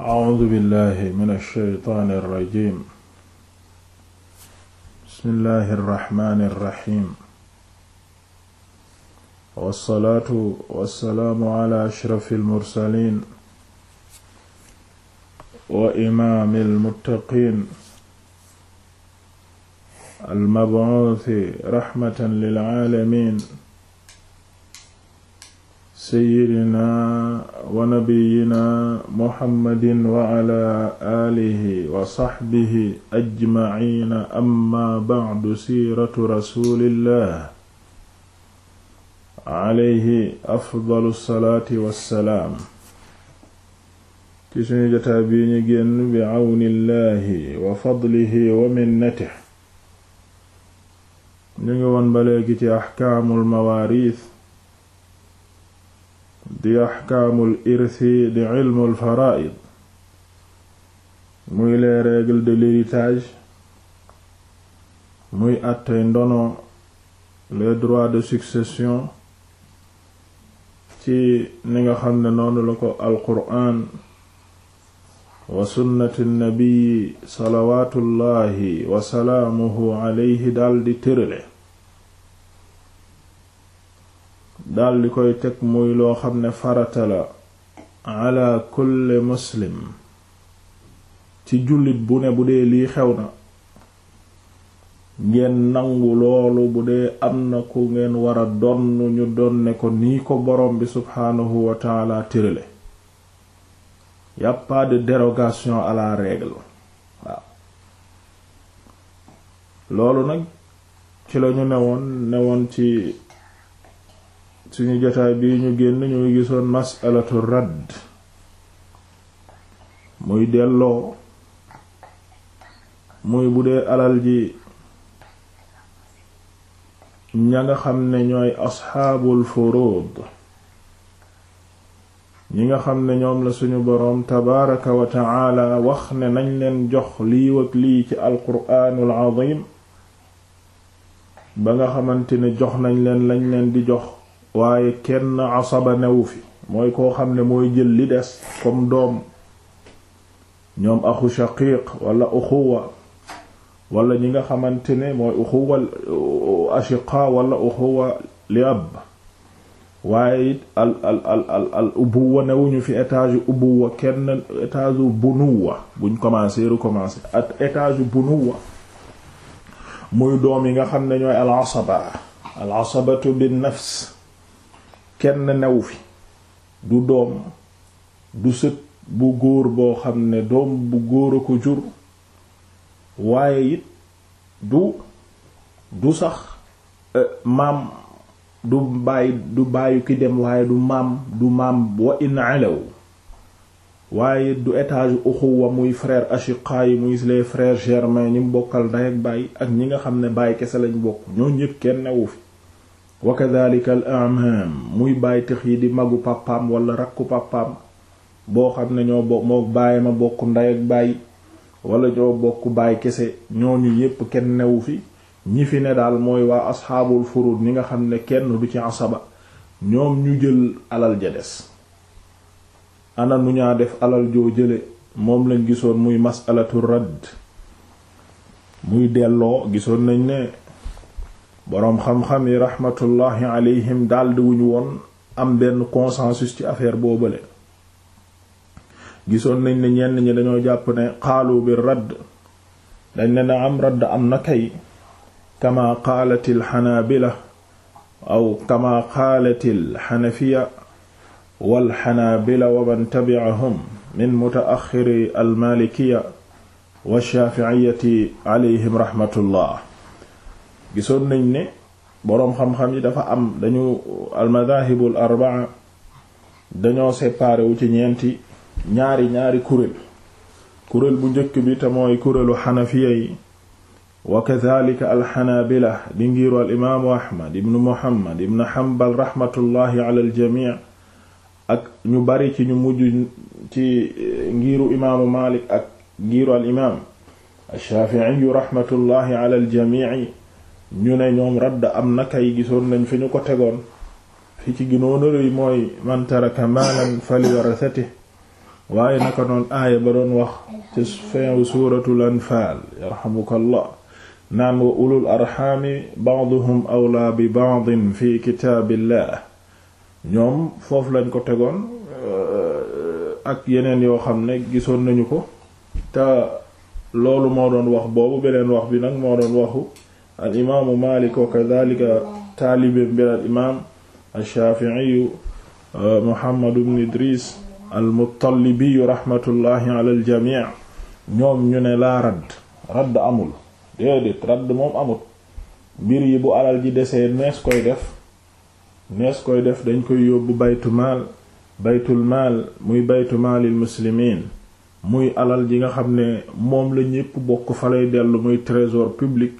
A'uuzu billaahi mina shaytaani rajiim. Bismillaahi rahmaani rahiim. Wassalaatu wassalaamu alaa ashrafil mursaliin. Wa imaamil muttaqiin. Al-mab'uusi rahmatan lil aalamiin. seyyidina wa nabiyina muhammadin wa ala alihi wa saxbihi ajmaciina amma bacdu siiratu rasulillah alayhi afdalu salaati wassalaam ci suñu jataa bii ñu génn bi cawnillahi wa fadlihi wa minnatihi ñu ngi woon ba léegi ci axkaamul mawaariis di axkaamul irsi di ilmul faraid muy les règles de muy àttey ndono les de succession ci ni nga xam ne noonu la ko alquraan wa sunnati nabiyi salawatullahi wasalaamuhu alayhi daldi tërale daldi koy teg muy loo xam ne farata la ala muslim ci jullit bu ne bu dee lii xew na ngeen nangu loolu bu dee am na ku ngeen wara a donn ñu donne ko nii ko borom bi subhaanahu wa taala tërale y a pas loolu nag ci lañu newoon woon ci suñu jotaay bii ñu génn ñuy gisoon masalatu radd muy delloo muy bu dee alal ji ña nga xam ne ñooy asxaabul furud ñi nga xam ne ñoom la suñu boroom tabaaraka wa taala wax ne nañ leen jox lii lii ci alquraanul azim ba nga xamante ne jox nañ leen lañ leen di jox waaye kenn asaba newu fi mooy koo xam ne mooy jël li des comme doom ñoom axu shaqiq walla uxuwa wala ñi nga xamante ne mooy uxuwa ashiqa wala uxuwa li ab waaye it al al al al al ubuwa fi étage ubuwa kenn étage bunuwa buñ commencé recommencer ak étage bunuwa muy doom yi nga xam ne ñooy al asaba al asabatu bin nafs kenn newu fi du doom du sët bu góor boo xam ne doom bu góor a ko jur waaye it du du sax euh, maam du bàyyi du bàyyi ki dem waaye du maam du maam wa in alaw waaye du étage uxuwa muy frère ashiqa yi muy les frères germains ñi mu bokkal ndey ak baay ak ñi nga xam ne baay kese lañ bokk ñoo ñépp kenn newu fi wa kadhalika al amam muy bàytax yi di magu pàppaam wala rakku pàppaam boo xam ne ñoo bokk moo bàyyi ma bokk ndey ak bàyyi wala ñoo bokk bàyyi kese ñooñu yépp kenn newu fi ñi fi ne daal mooy waa asxaabul furud ñi nga xam ne kenn du ci asaba ñoom ñu jël alal ja des ana nu ñaa def alal joo jële moom lañ gisoon muy masalatu radd muy delloo gisoon nañ ne boroom xam-xam yi raxmatullahi alayhim daldi wuñu woon am benn consensus ci affaire boobale gisoon nañ ne ñenn ñi dañoo jàpp ne xaalu bi radd dañ ne na am radd am na kay kama qaalatil xanaabila aw kama qaalatil xanaabila wa man tabi'ahum min mutaaxiri almalikiya wa shaafi'iyati alayhim raxmatullah gisoon nañ ne boroom xam-xam yi dafa am dañu almadahibul arbaa dañoo séparé wu ci ñeenti ñaari ñaari kuréel kuréel bu njëkk bi te mooy kuréelu xanafiya yi wa kadhalika alxanabila di ngiiru alimaamu ahmad ibnu muhammad ibnu hambal rahmatullahi ala aljami ak ñu bari ci ñu mujj ci eh, ngiiru imaamu malik ak ngiiru alimaam alshaafiiyu rahmatullahi ala aljamii ñu ne ñoom radd am na kay gisoon nañ fi ñu ko tegoon fi ci ginoon a mooy man taraka maalan faliwarasati waaye naka doon aaya ba doon wax ci fin suuratul anfaal yarhamukallah naan wa ulul arxaami ba'duhum awlaa bi ba'din fi kitaabillah ñoom foofu lañ ko tegoon euh, ak yeneen yoo xam ne gisoon nañu ko te loolu moo doon wax boobu beneen wax bi nag moo doon waxu al imaamu Maalik wa kadhalika taalibe bi al imaam ash-Shaafi'i euh, Muhammad ibn Idris al-Muttalibi rahmatullahi ala jamii ñoom ñu ne laa radd radd amul déedéet radd moom amut mbir yi bu alal ji desee nees koy def nees koy def dañ koy yóbbu baytu maal baytul maal muy baytu maalil muslimiin muy alal ji nga xam ne moom la ñépp bokk fa lay dellu muy trésor public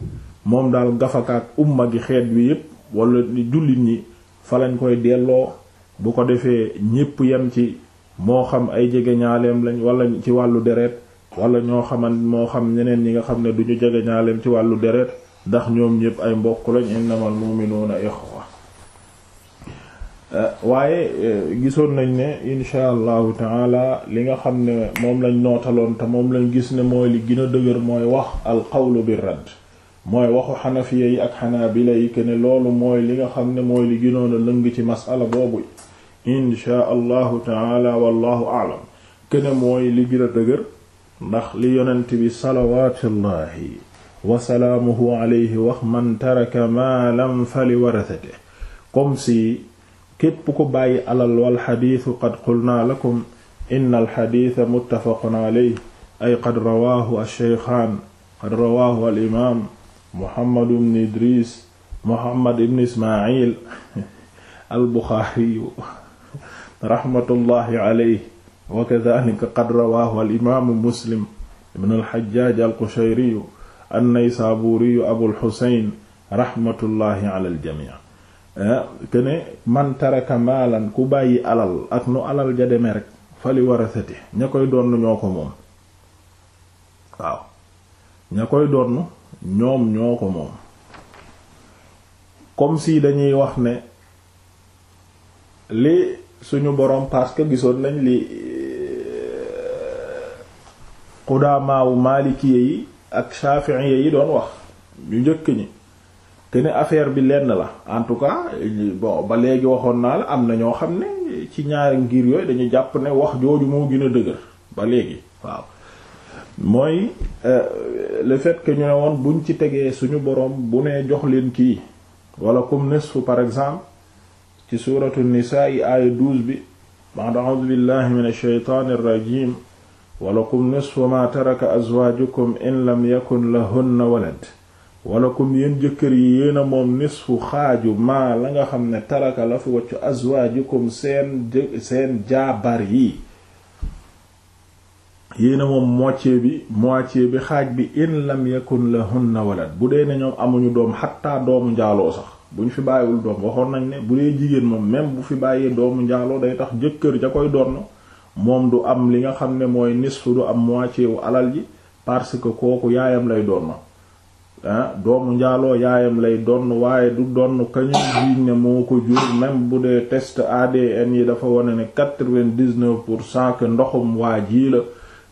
moom daal gafakaak umma gi xeet bi yépp wala jullit ñi fa lañ koy delloo bu ko defee ñépp yem ci moo xam ay jegeñaaleem lañ walla ci wàllu deret wala ñoo xaman moo xam ñeneen ñi nga xam ne duñu jegeñaaleem ci wàllu deret ndax ñoom ñépp ay mbokk lañ innamal mu'minuna ikhwa euh, waaye euh, gisoon nañ ne insha allahu taala li nga xam ne moom lañ nootaloon te moom lañ gis ne mooy li gën a dëgër mooy wax al qawlu bir radd mooy waxu xanafiya yi ak xanaabila yi que ne loolu mooy li nga xam ne mooy li gënoon a lëng ci masala boobu inchaa allahu taala wallahu aalam que ne mooy li gën a dëgër ndax li yonent bi salawaatullaahi wasalaamuhu alayhi wax man taraka maalan fali warasate comme si képp ku bàyyi alal wal xadiisu qad qulnaa lakum inna alxadiisa muttafaqun alayhi ay qad rawaahu alsheykhaan qad rawaahu alimaam Muhammad ibn Idris Muhammad ibn Ismaayil al-Buxaariyu raxmatullahi alayhi wa kadaalika qad rawaahu al-imaamu Muslim ibn al-Hajjaaj al-Qushayriyu an-Naysaabuuriyu Abul Xuseyn raxmatullahi alal jamii kene man taraka maalan ku bàyyi alal ak nu alal ja deme rek fali warasati ña koy donn ñoo ko moom waaw ña koy donn ñoom ñoo ko moom comme si dañuy wax ne li suñu boroom parce que gisoon nañ li xudaamaawu euh, maalikiye yi ak shafiiye yi doon wax ñu njëkk ñi te ne affaire bi lenn la en tout cas ba léegi waxoon naa la am na ñoo xam ne ci ñaari ngir yooyu dañu jàpp ne wax jooju moo gën a dëgër ba léegi waaw mooy euh, le fait que ñu ne woon buñ ci tegee suñu boroom bu ne jox leen kii wala comme nisfu par exemple ci suratu nisaa yi aaya 12 bi ba'd a'uudu billahi min ash-shaytaani ar-rajiim walakum nisfu ma taraka azwaajukum in lam yakun lahunna walad walakum yéen jëkkër yi yéen moom nisfu xaaju maa la nga xam ne taraka la fi waccu azwaajukum seen seen jaabar yi yéena moom moitié bi moitié bi xaaj bi in lam yakun lahunna walad bu dee ne ñoom amuñu doom xattaa doomu njaaloo sax bu ñu fi bàyyiwul doom waxoon nañ ne bu dee jigéen moom même bu fi bàyyee doomu njaaloo day tax jëkkër ja koy donn moom du am li nga xam ne mooy nisfu du am moitié wu alal ji parce que kooku yaayam lay donn ah doomu njaaloo yaayam lay donn waaye du donn kañu jiiñ ne moo ko jur même bu dee test ADN yi dafa wane ne quatre vingt dix pour cent que waa jii la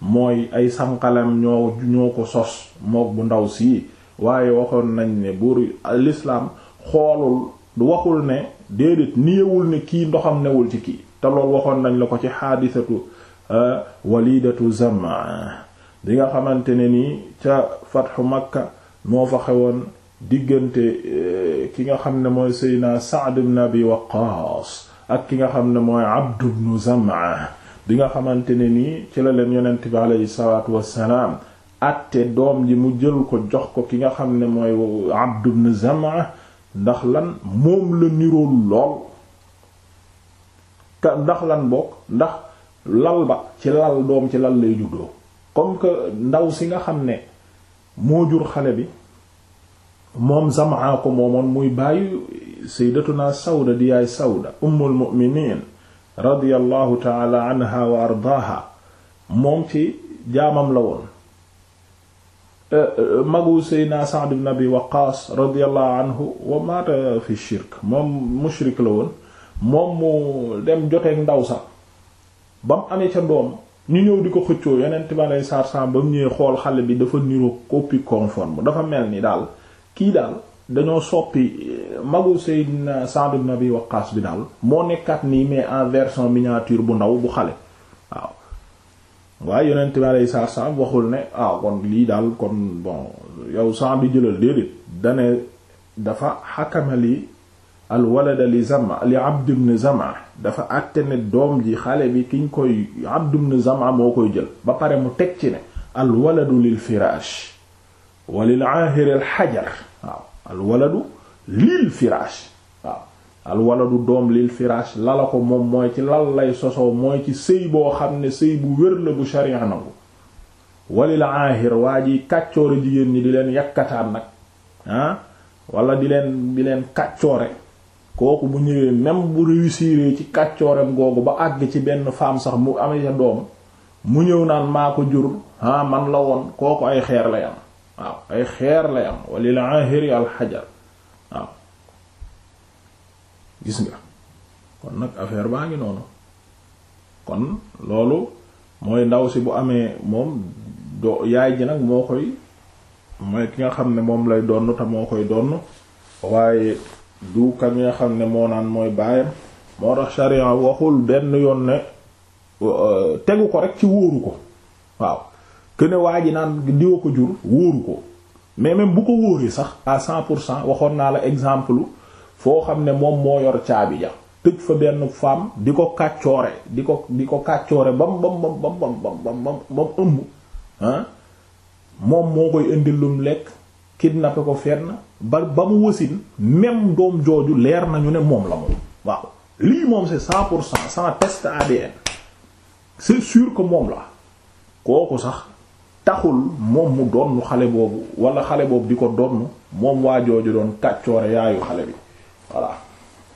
mooy ay sanqalam ñoo ñoo ko sos mook bu ndaw sii waaye waxoon nañ ne buur l'islam xoolul waxul ne déedéet niyewul ne kii ndoxam newul ci kii te loolu waxoon nañ la ko ci xaadisatu euh, walidatu Zam'a di nga xamante ne nii ca fatxu Makka moo fa xewoon diggante euh, ki nga xam ne mooy Seydina Sa'd ibn Abi Waqqas ak ki nga xam ne mooy Abd ibn Zam'a bi nga xamante ne nii ci la leen yonent bi aleyhi salaatu wassalaam atte doom ji mu jël ko jox ko ki nga xam ne mooy Abd ibn ndax lan moom la nirool lool ndax lan bokk ndax lal ba ci lal doom ci lal lay juddoo ndaw si nga xam ne moo jur xale bi moom Zam'a ko moomoon muy bàyyi sayyidatuna Sawda di yaay Sawda ummul mu'minin radiyallahu taala anha wa ardaaha moom ci jaamam la woon eh, eh, magu seydna Sa'd ibn Abi Waqqaas radiyallahu anhu wa maata fi shirk moom mushrik la woon moom mu dem joteeg ndaw sax ba mu amee ca doom ñu ñëw di ko xëccoo yeneen ma lay saar-sam ba mu ñëwee xool xale bi dafa niroog copie conforme dafa mel ni daal kii daal dañoo soppi magu Seydina Sa'd ibn Abi Waqqas bi daal moo nekkaat nii mais en version miniature bu ndaw bu xale waaw waaye yonent bi alayhi salaatu salaam waxul ne ah kon lii daal kon bon yow Sa'd jëlal déedéet dane dafa xakama li li Zama li Abd Zama dafa àtte ne doom ji xale bi ki ñu koy Abd ibn Zama moo koy jël ba pare mu teg ci ne al lil firaash wa lil aahiri al alwaladu lil firaash waaw alwaladu doom lil firaash lala ko moom mooy ci lal lay sosoo mooy ci sëy boo xam ne sëy bu wér la bu sharia nangu walil aahir waa ji kàccoore jigéen ñi di leen yakkataan nag walla ah, wala di leen di leen kàccoore kooku bu ñëwee même bu réussir ci kàccoorem googu ba àgg ci benn femme sax mu amee sa doom mu ñëw naan maa ko jur ah man la woon kooku ay xeer la am waaw ay xeer lay am walil ahiri alxajar waaw gis nga kon nag affaire baa ngi noonu kon loolu mooy ndaw si bu amee moom do yaay ji nag moo koy mooy ki nga xam ne moom lay donn te moo koy donn waaye du ka nga xam ne moo naan mooy baayam moo tax sharia waxul benn yoon ne euh, tegu ko rek ci wóoru ko waaw que waa ji naan diwa ko jur wóoru ko mais même bu ko wóoree sax à cent pour cent waxoon naa la exemple foo xam ne moom moo yor caabi ja tëj fa benn femme di ko kàccoore di ko di ko kàccoore bam bam bam bam bam bam bam bam bam moom moo koy indil lum lekk kidnappé ko fenn ba ba mu wasin même doom jooju leer nañu ne moom la moom waaw lii moom c'est cent pour cent sans test ADN c'est sûr que moom la kooku sax taxul moom mu donn xale boobu wala xale boobu di ko donn moom waa jooju doon kàccoore yaayu xale bi voilà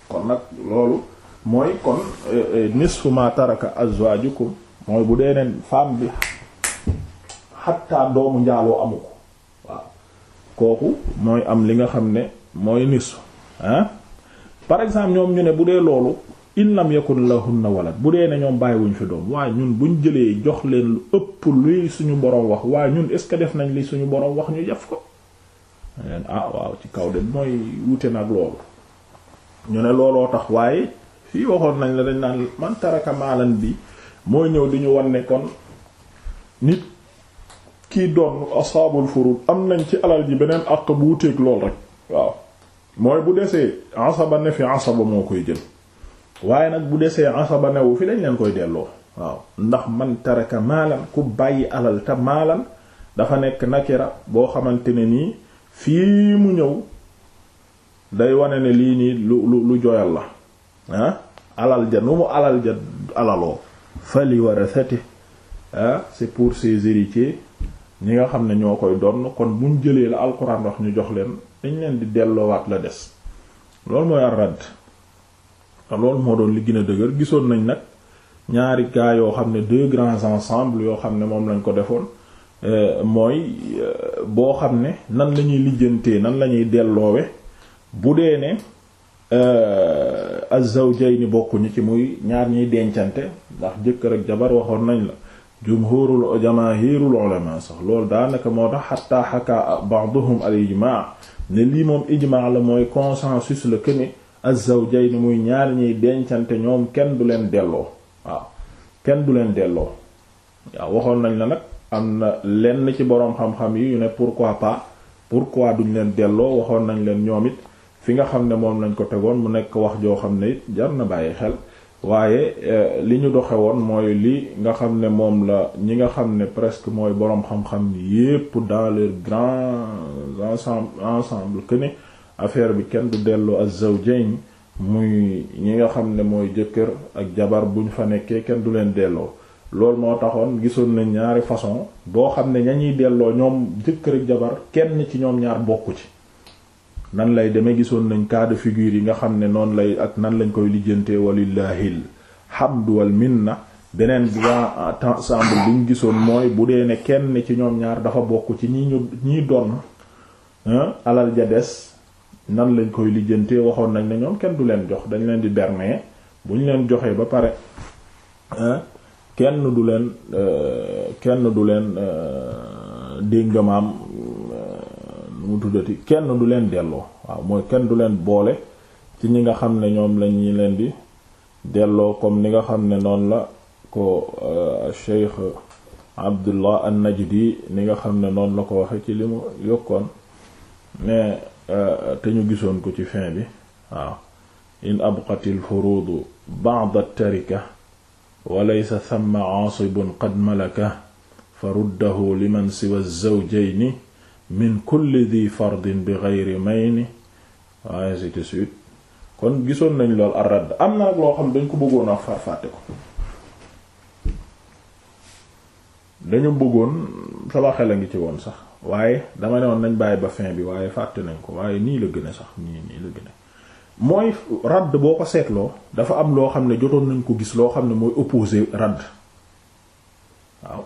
kon nag loolu mooy kon eh, eh, nisfu ma taraka azwajukum mooy bu dee neen femme bi xatta doomu njaaloo amu ko waaw kooku mooy am li nga xam ne mooy nisfu par exemple ñoom ñu ne bu dee loolu in lam yakun lahunna walad bu dee ne ñoom bàyyiwuñ fi doom waaye ñun buñ jëlee jox leen lu ëpp luy suñu borom wax waaye ñun est ce que def nañ li suñu borom wax ñu jaf ko leen ah waaw ci kaw de mooy wute nag loolu ñu ne looloo tax waaye fii waxoon nañ la dañ naan man taraka bi mooy ñëw di ñu wan nekkoon kon nit kii doon asaabul furud am nañ ci alal ji beneen àq bu wuteeg lool rek waaw mooy bu desee asaba ne fi asaba moo koy jël waaye nag bu desee asaba newu fi dañ leen koy delloo waaw ndax man taraka maalan ku bàyyi alal te maalan dafa nekk nakira boo xamante ne nii fii mu ñëw day wane ne lii nii lu lu lu joyal la ah alal ja nu mu alal ja alaloo fali sati ah c'est pour ses héritiers ñi nga xam ne ñoo koy donn kon buñ jëlee la alxuraan wax ñu jox leen dañ leen di delloowaat la des loolu mooy arad te moo doon li gën a dëgër gisoon nañ nag ñaari gaa yoo xam ne deux grands ensembles yoo xam ne moom lañ ko defoon euh, mooy euh, boo xam ne nan lañuy lijjantee nan lañuy delloowe bu dee ne euh, az-zawjayni bokkuñu ci muy ñaar ñuy dencante ndax jëkkër ak jabar waxoon nañ la jumhurul jamaahirul ulama sax loolu daanaka moo tax xatta xaka ba'duhum al ijmaa ne lii moom ijmaa la mooy consensus la këne az-zawjayn muy ñaar ñiy dencante ñoom kenn du leen delloo waaw kenn du leen delloo waaw waxoon nañ la nag am na lenn ci boroom xam-xam yi yu ne pourquoi pas pourquoi duñ leen delloo waxoon nañ leen ñoom it fi nga xam ne moom lañ ko tegoon mu nekk wax joo xam ne it jar na bàyyi xel waaye eh, li ñu doxe woon mooy li nga xam ne moom la ñi nga xam ne presque mooy boroom xam-xam yépp dans leur grand ensemble ensemble que ne affaire bi kenn du dellu az-zawjayn muy ñi nga xam ne mooy jëkkër ak jabar buñ fa nekkee kenn du leen delloo loolu moo taxoon gisoon nañ ñaari façon boo xam ne ña ñuy delloo ñoom jëkkër ak jabar kenn ci ñoom ñaar bokku ci nan lay demee gisoon nañ cas figure yi nga xam ne noonu lay ak nan lañ koy lijjantee walillahil xam wal minna beneen bi waa ensemble bi gisoon mooy bu dee ne kenn ci ñoom ñaar dafa bokk ci ñi ñu ñi doon alal ja des nan lañ koy lijjantee waxoon nañ ne ñoom kenn du leen jox dañ leen di bermee bu ñu leen joxee ba pare kenn du leen euh, kenn du leen euh, déngamaam euh, nu mu tuddati kenn du leen delloo waaw mooy kenn du leen boole ci ñi nga xam ne ñoom lañu leen di delloo comme ni nga xam ne noonu la ko Cheikh Abdullah an-Najdi ni nga xam ne noonu la ko waxee ci li mu yokkoon mais Euh, te ñu gisoon ko ci fin bi waaw in abqatil furuudu ba'da at-tarika wa laysa thamma 'aasibun qad malaka faruddahu liman siwa az-zawjayni suite kon gisoon nañ lool ar-radd am na nag loo xam dañ ko bëggoon a farfàtte ko dañu bëggoon sama xel a ngi ci woon sax waaye dama ne woon nañ bàyyi ba fin bi waaye fàtte nañ ko waaye nii la gën a sax nii nii la gën a mooy radd boo ko seetloo dafa am loo xam ne jotoon nañ ko gis loo xam ne mooy opposé radd waaw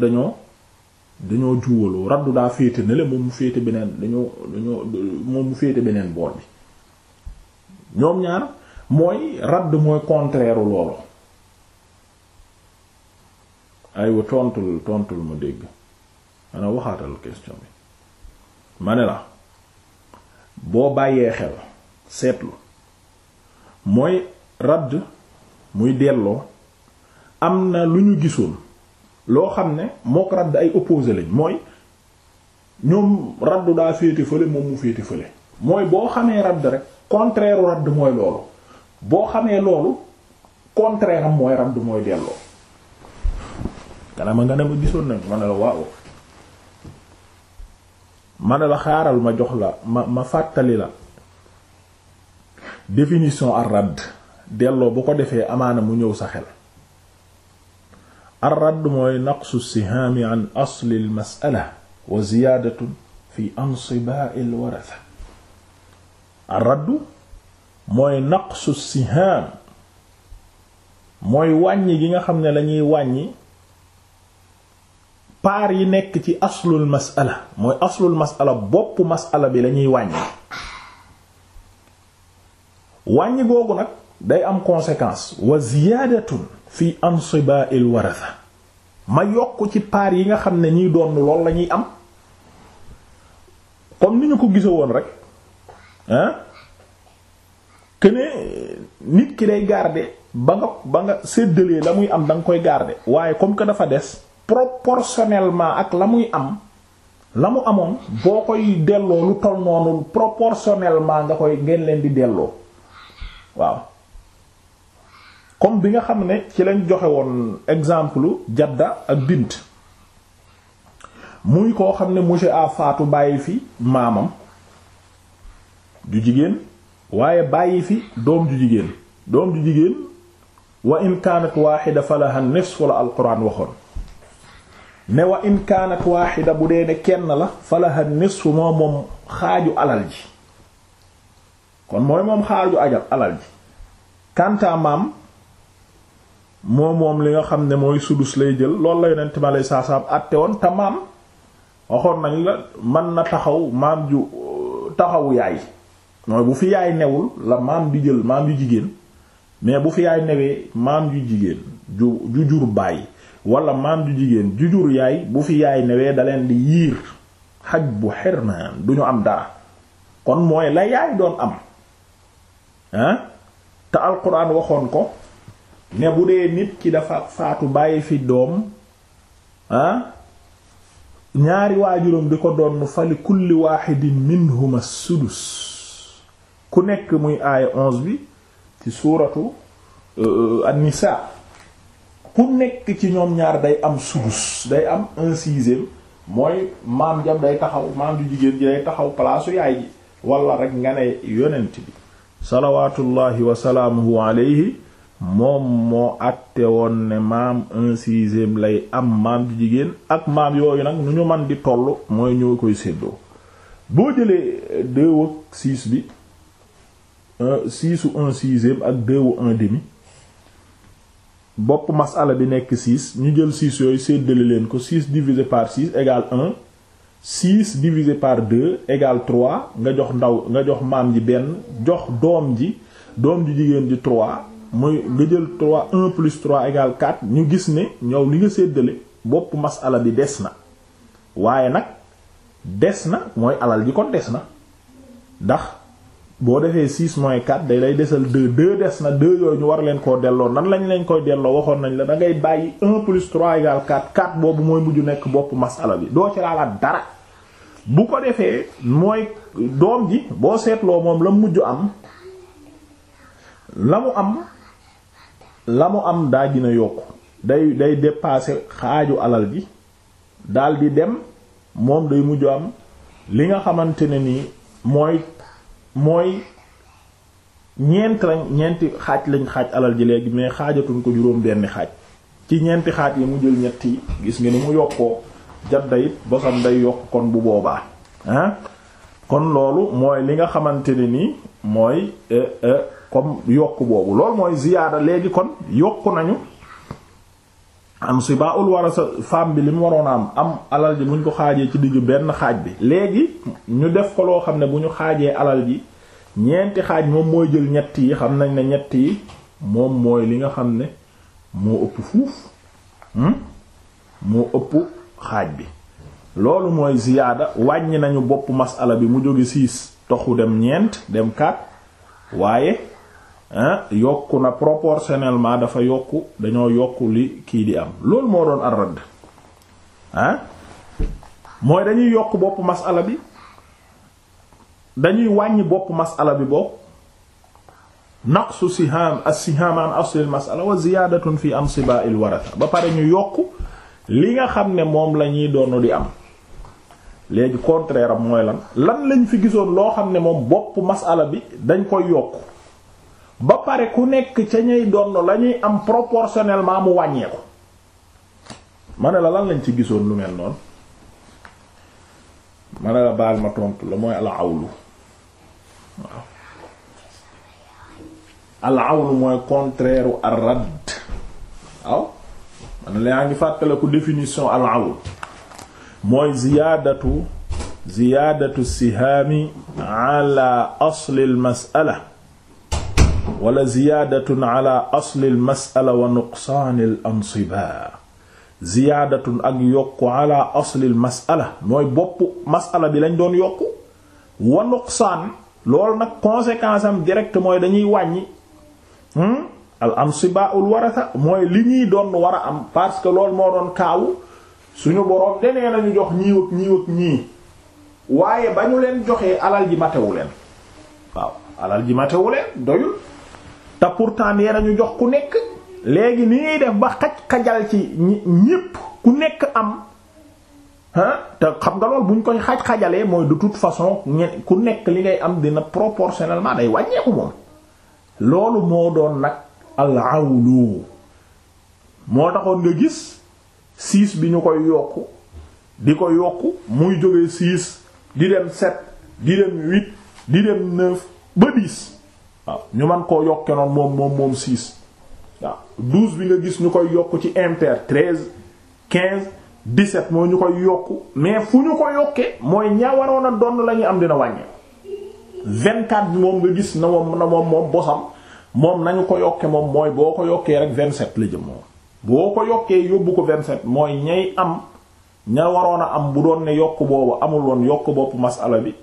dañoo dañoo juwaloo raddu daa féete ne moom mu féete beneen dañoo dañoo moom mu féete beneen boor bi ñoom ñaar mooy radd mooy contraire loolu aywa tontul tontul ma dégg ana waxaatal question bi ne la boo bàyyee xel seetlu mooy radd muy delloo am na lu ñu gisoon loo xam ne mook radd ay opposé lañ mooy ñoom raddu daa féete fële moom mu féete fële mooy boo xamee radd rek contraire radd mooy loolu boo xamee loolu contraire am mooy radd mooy delloo ganama nga ne ma gisoon nañ ma ne la waaw ma la xaaral ma jox la ma ma fàttali la définition ar-radd delloo bu ko defee amaana mu ñëw sa xel ar-radd mooy naqsu sihaami an asli al-mas'ala wa ziyaadatu fi ansibaa'i al-waratha mooy naqsu sihaam mooy wàññi gi nga xam ne lañuy wàññi paar yi nekk ci aslul masala mooy aslul masala bopp masala bi lañuy wàññi wàññi googu nag day am conséquence wa ziyaadatun fi ansibaa'il waratha ma yokk ci paar yi nga xam ne ñiy doon lool lañuy am comme ni ñu ko gisa woon rek hein këne nit ki day garder ba nga ba nga séddalee la muy am danga koy garder waaye comme que dafa des proportionnellement ak la muy am la mu amoon boo koy delloo lu toll noonu proportionnellement nga koy ngeen leen di delloo waaw comme bi nga xam ne ci lañ joxe woon exemple jadda ak bint muy koo xam ne monsieur faatu bàyyi fi maamam ju jigéen waaye bàyyi fi doom ju jigéen doom ju jigéen wa in kanat wahida falaha nisfu la alquran waxoon ne wa in kaanat waaxida bu dee ne kenn la falaha nisfu moom moom xaaju alal ji kon mooy moom xaaju ajal alal ji kanta maam moom moom li nga xam ne mooy sudus lay jël loolu la yonent ma lay saasaam àtte woon te maam waxoon nañ la man na taxaw maam ju taxawu yaay mooy bu fi yaay newul la maam di jël maam ju jigéen mais bu fi yaay newee maam ju jigéen ju ju jur bàyyi wala maam ju jigéen ju yaay bu fi yaay newee da leen di yiir xaj bu xirmaan du ñu am dara kon mooy la yaay doon am ah te alquran waxoon ko ne bu dee nit ki dafa faatu bàyyi fi doom ah ñaari waajuram di ko doon fa li kulli waaxidin minhuma sudus ku nekk muy aaya onze bi ci suuratu euh, euh, an-nisaa ku nekk ci ñoom ñaar day am sudus day am un sixième mooy maam jam day taxaw maam ju jigéen ji day taxaw palaasu yaay ji wala rek nga ne yonent bi salawatullahi wasalaamuhu alayhi moom moo àtte woon ne maam un sixième lay am maam ju jigéen ak maam yooyu nag nu ñu man di toll mooy ñoo koy séddoo boo jëlee deux ak six bi un un sixième ak deux ou un demi bopp masala bi nekk 6 ñu jël 6 yooyu séddale leen ko 6 divisé par 6 égale 1 6 divisé par 2 égale 3 nga jox ndaw nga jox maam ji benn jox doom ji doom ji jigéen ji 3 muy nga jël 3 1 plus 3 égale 4 ñu gis ne ñow li nga séddale bopp masala bi des na waaye nag des na mooy alal ji kon des na ndax boo defee 6 moins 4 day lay desal 2 2 des na 2 yooyu ñu war leen koo delloo nan lañ leen koy delloo waxoon nañ la da ngay bàyyi 1 plus 3 égale 4 4 boobu mooy mujj nekk bopp masala bi doo ci laalaat dara bu ko defee mooy doom ji boo seetloo moom la mujj am la mu am la mu am daa yokku day day dépasser xaaju alal ji daal di dem moom day mujj am li nga xamante ne nii mooy mooy ñeent lañ ñeenti xaaj lañ xaaj alal ji léegi mais xaajatuñ ko juróom benn xaaj ci ñeenti xaaj yi mu jël ñetti gis nga ni mu yokkoo jadda it bosam day yokk kon bu boobaa ah. kon loolu mooy li nga xamante ne ni mooy eh, eh, comme yokk boobu lool mooy ziyaada léegi kon yokk nañu am sibaul warasa femme bi li mu waroon am am alal ji buñ ko xaajee ci digg benn xaaj bi léegi ñu def ko loo xam ne bu ñu xaajee alal ji ñeenti xaaj moom mooy jël ñett yi xam nañ ne ñett yi moom mooy li nga xam ne moo ëpp fuuf hmm? moo ëpp xaaj bi loolu mooy ziyaada wàññi nañu bopp masala bi mu jóge six toxu dem ñeent dem quatre waaye yokk na proportionnellement dafa yokk dañoo yokk li kii di am loolu moo doon ar-radd mooy dañuy yokk boppu masala bi dañuy wàññi bopp masala bi bopp naqsu siham as-siham an aslil masala wa ziyaadatun fi ansiba'il waratha ba pare ñu yokk li nga xam ne moom lañuy ñuy doon di am léegi contraire mooy lan lan lañu fi gisoon loo xam ne moom boppu masala bi dañ koy yokk ba pare ku nekk ca ñay doon la ñuy am proportionnellement mu wàññeeku ma la lan lañ ci gisoon lu mel noonu ma ne la baal ma tontu la mooy al awlu waaw al awlu mooy contraire u ar waaw ma la yaa ngi fàttaliku définition al awl mooy ziyaadatu ziyaadatu sihaami ala asli al mas'ala wala ziyaadatun ala asli al mas'ala wa nuqsaani al ak yokku ala asli al mooy bopp mas'ala bi lañ doon yokku wa nuqsaan loolu nag conséquence direct mooy dañuy wàññi hmm? al ansiba ul warasa li ñuy doon war a am parce que loolu moo doon kaawu suñu boroom denee jox ñiiw ñu leen joxee alal ji matewu leen waaw alal ji matewu leen doyul te pourtant nee nañu jox ku nekk léegi ni ngay def ba xaj xajal ci ñépp ku nekk am ah te xam nga lool bu ñu koy xaj xajalee mooy de toute façon ku nekk li ngay am dina proportionnellement day wàññeeku moom loolu moo doon nag al moo taxoon nga gis six bi ñu koy yokk di ko yokk muy jóge six di dem sept di dem huit di dem neuf ba dix waaw ñu man koo yokke noonu moom moom moom six waaw douze bi nga gis ñu koy yokk ci impair treize quinze dix-sept mooy ñu koy yokk mais fu ñu ko yokkee mooy ña waroon a donn la ñuy am dina wàññe vingt-quatre bi moom nga gis na moom na moom moom bosam moom nañu ko yokkee moom mooy boo ko yokkee rek vingt-sept la jëm moom boo ko yokkee yóbbu ko vingt-sept mooy ñay am ña waroon a am bu doon ne yokk boobu amul woon yokk bopp masala bi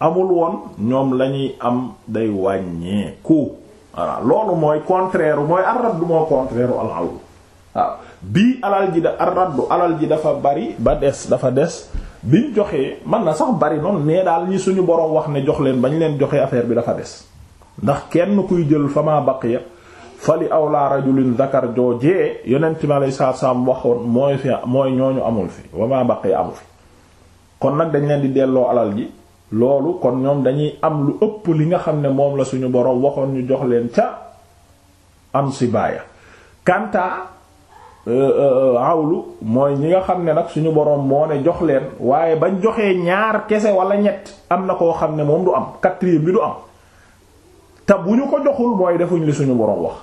amul woon ñoom lañuy am day wàññeeku voilà loolu mooy contraire mooy ar-raddu moo contraire al-awl alal ji da ar alal ji dafa bari ba des dafa des biñ joxee mën na sax bari noonu ne daal ñi suñu boroom wax ne jox leen bañ leen joxe affaire bi dafa des ndax kenn kuy jël fama baqiya fali awla rajulin zakar joojee yonent mi alayhi salaatu salaam waxoon mooy fi mooy ñooñu amul fi wama baqiya amul fi kon nag dañ leen di delloo alal ji loolu kon ñoom dañuy am lu ëpp li nga xam ne moom la suñu boroom waxoon ñu jox leen ca am si baaya kanta euh, euh, euh, awlu mooy ñi nga xam ne nag suñu boroom moo ne jox leen waaye bañ joxee ñaar kese wala ñett am na koo xam ne moom du am quatrième bi du am te bu ñu ko joxul mooy defuñ li suñu boroom wax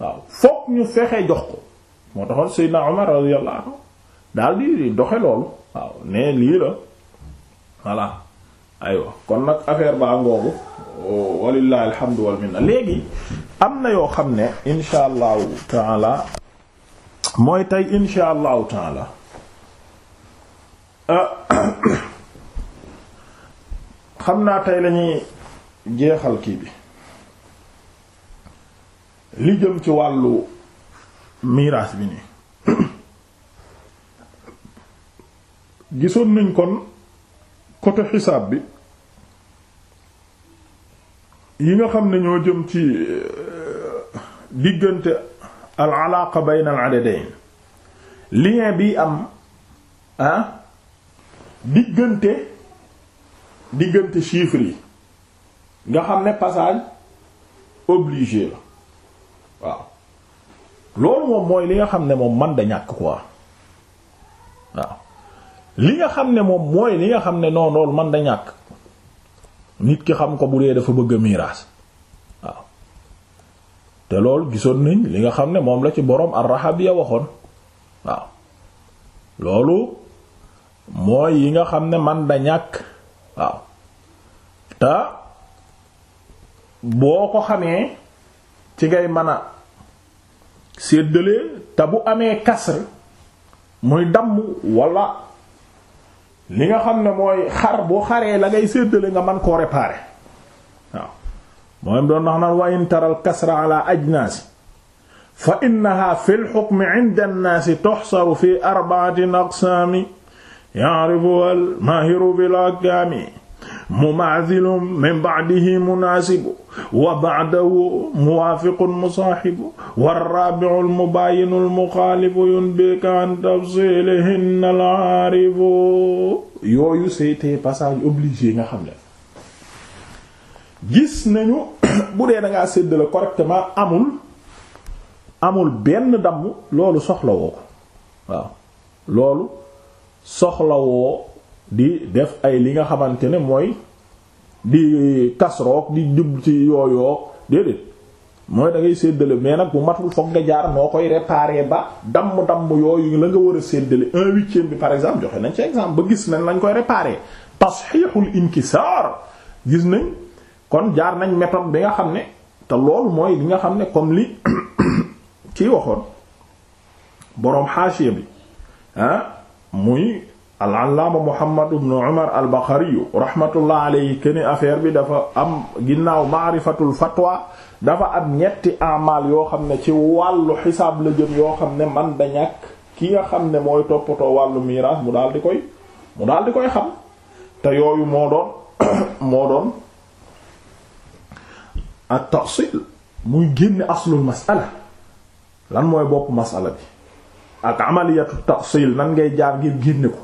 waaw fokk ñu fexe jox ko moo taxoon Seydina Omar radiyallahu anhu daal di doxe loolu waaw ne lii la voilà aywa kon nag affaire ba ngoogu walillahi alhamdu wal léegi am na yoo xam ne insha allahu taala mooy tey insha allahu taala ah, xam naa tey lañuy jeexal kii bi li jëm ci wàllu miraas bi nii gisoon nañ kon côté xisaab bi yi nga xam ne ñoo jëm ci euh, diggante al alaaqa bayna al adadayn lien bi am diggante diggante chiffres yi nga xam ne passage obligé la waaw loolu moom mooy li nga xam ne moom man da ñàkk quoi waaw li nga xam ne moom mooy li nga xam ne non loolu man da ñàkk nit ki xam ko bu dee dafa bëgg a miiraas waaw te loolu gisoon nañ li nga xam ne moom la ci boroom ar-Rahabiyya waxoon waaw loolu mooy yi nga xam ne man da ñàkk waaw te boo ko xamee ci ngay mën a séddalee te bu amee kasr muy damm walla li nga xam ne mooy xar boo xaree la ngay séddale nga man koo réparer waaw mooy doon wax naan wa in taral kasra ala ajnaasi fa innaha fi lxukmi inda nnaasi toxsaru fi arbaati aqsaami ya'rifuha al maahiru bil ahkaami mumathilum min ba'dihi munaasibu wa ba'dahu muwaafiqun musaahibu warrabi'u almubaayinu almuxaalifu yunbika an tafsilihinna al-aarifu yooyu c'était passage obligé nga xam ne gis nañu bu dee dangaa séddale correctement amul amul benn damm loolu soxlawoo loolu soxlawoo di def ay li nga xamante ne mooy di kasroog di jub ci yooyoo déedéet mooy da séddale mais nag bu matul foog nga jaar noo koy réparer ba damm damb yooyu la nga war a séddale un huitième bi par exemple joxe nañ ci exemple ba gis nañ lañ koy réparer tashihul inkisar gis nañ kon jaar nañ méthode bi nga xam ne te loolu mooy li nga xam ne comme li kii waxoon boroom xaasiya bi ah, muy al-allaama Muhammad ibn Umar al-Buxaari rahmatullah alayhi kene affaire bi dafa am ginnaaw maarifatul fatwa dafa am ñetti amaal yoo xam ne ci wàllu xisaab la jëm yoo xam ne man da ñàkk ki nga xam ne mooy toppatoo wàllu miraas mu daal di koy mu daal di koy xam te yooyu moo doon moo doon at-tafsiil muy génne aslul masala lan mooy bopp masala bi ak amaliyatu tafsiil nan ngay jaar ngir génne ko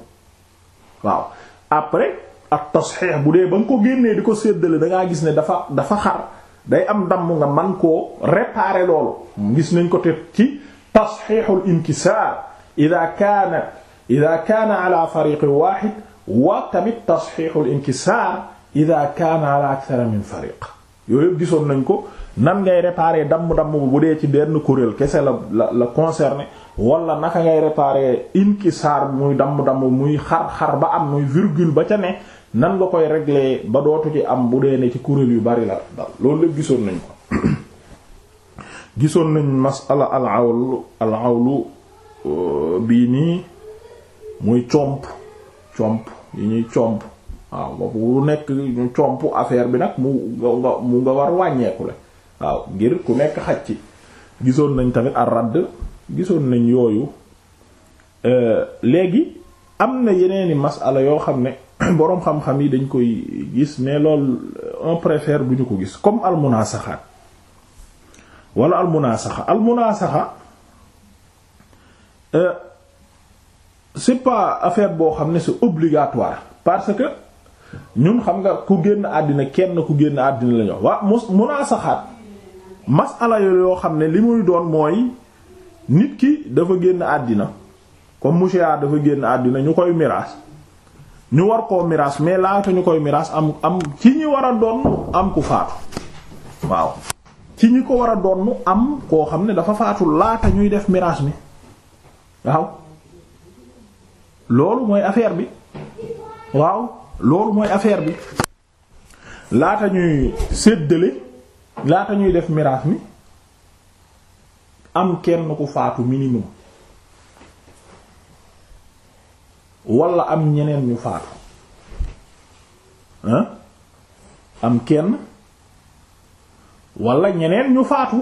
waaw après ak tasxiix bu dee ba ko génnee di ko séddale da ngaa gis ne dafa dafa xar day am damm nga man koo réparer loolu gis nañ ko te ci tasxiixul inkisaar ida kaana ida kaana ala fariqin waaxid wa tamit tasxiixul inkisaar ida kaana ala akthara min fariq yooyu gisoon nañ ko nan ngay réparer damm-damm bu dee ci benn kuréel kese la la la concerné wala naka ngay réparer inkisaar muy damm-damm muy xar-xar ba am muy virgule ba ca ne nan la koy reglee ba dootu ci am bu dee ne ci kuréel yu bari la dal loolu lépp gisoon nañ ko gisoon nañ masala al euh, bii nii muy comp comp yi ñuy comp waaw boobu lu nekk ñu comp affaire bi nag mu nga mu nga war wàññeeku la waaw ngir ku nekk xaj ci gisoon nañ tamit ar radd gisoon nañ yooyu euh, léegi am na yeneeni masala yoo xam ne boroom xam-xam yi dañ koy gis mais loolu on préfère bu ñu ko gis comme almunaasaxaat wala almunaasaxa almunaasaxa euh, c'est pas affaire boo xam ne c'est obligatoire parce que ñun xam nga ku génn àddina kenn ku génn àddina la ñu wax waa mas masala yoo xam ne li muy doon mooy nit ki dafa génn àddina comme monsieur A dafa génn àddina ñu koy miraas ñu war koo miraas mais laata ñu koy miraas am am ci ñi war a doon am ku faatu waaw ci ñi ko war a doon am koo xam ne dafa faatu laata ñuy def miraas mi waaw loolu mooy affaire bi waaw loolu mooy affaire bi laata ñuy séddale laata ñuy def miraas mi am kenn ku faatu minimum wala am ñeneen ñu faatu hein am kenn wala ñeneen ñu faatu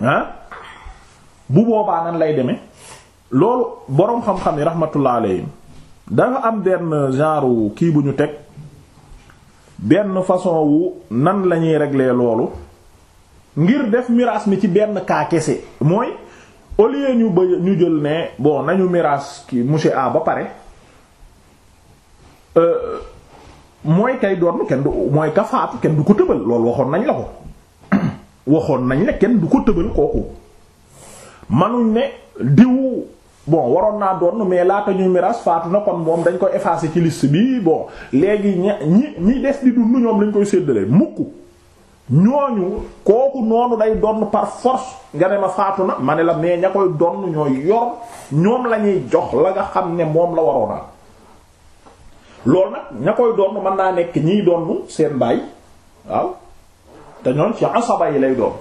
hein bu boobaa nan lay deme loolu boroom xam-xam yi rahmatullah alayhim dafa am benn genre kii bu ñu teg benn façon wu nan lañuy régler loolu ngir def miraas mi ci benn kaa kese mooy au ñu ba ñu jël ne bon nañu miraas ki monsieur A ba pare euh, mooy kay doon kenn du mooy ka faatu kenn du ko tëbal loolu waxoon nañ la ko waxoon nañ la kenn du ko tëbal kooku manuñ ne diw bon waroon naa doon mais laata ñuy miraas faatu na kon moom dañ koy effacer ci liste bi bon léegi ña ñi ñi des di dund ñoom lañ koy séddale mukk ñooñu kooku noonu day donn par force nga ne ma faatu na ma ne la mais ña koy donn ñooy yor ñoom lañuy ñuy jox la nga xam ne moom la waroon a loolu nag ña koy donn mën naa nekk ñiy donn seen baay waaw te ñooñ ci asaba yi lay doom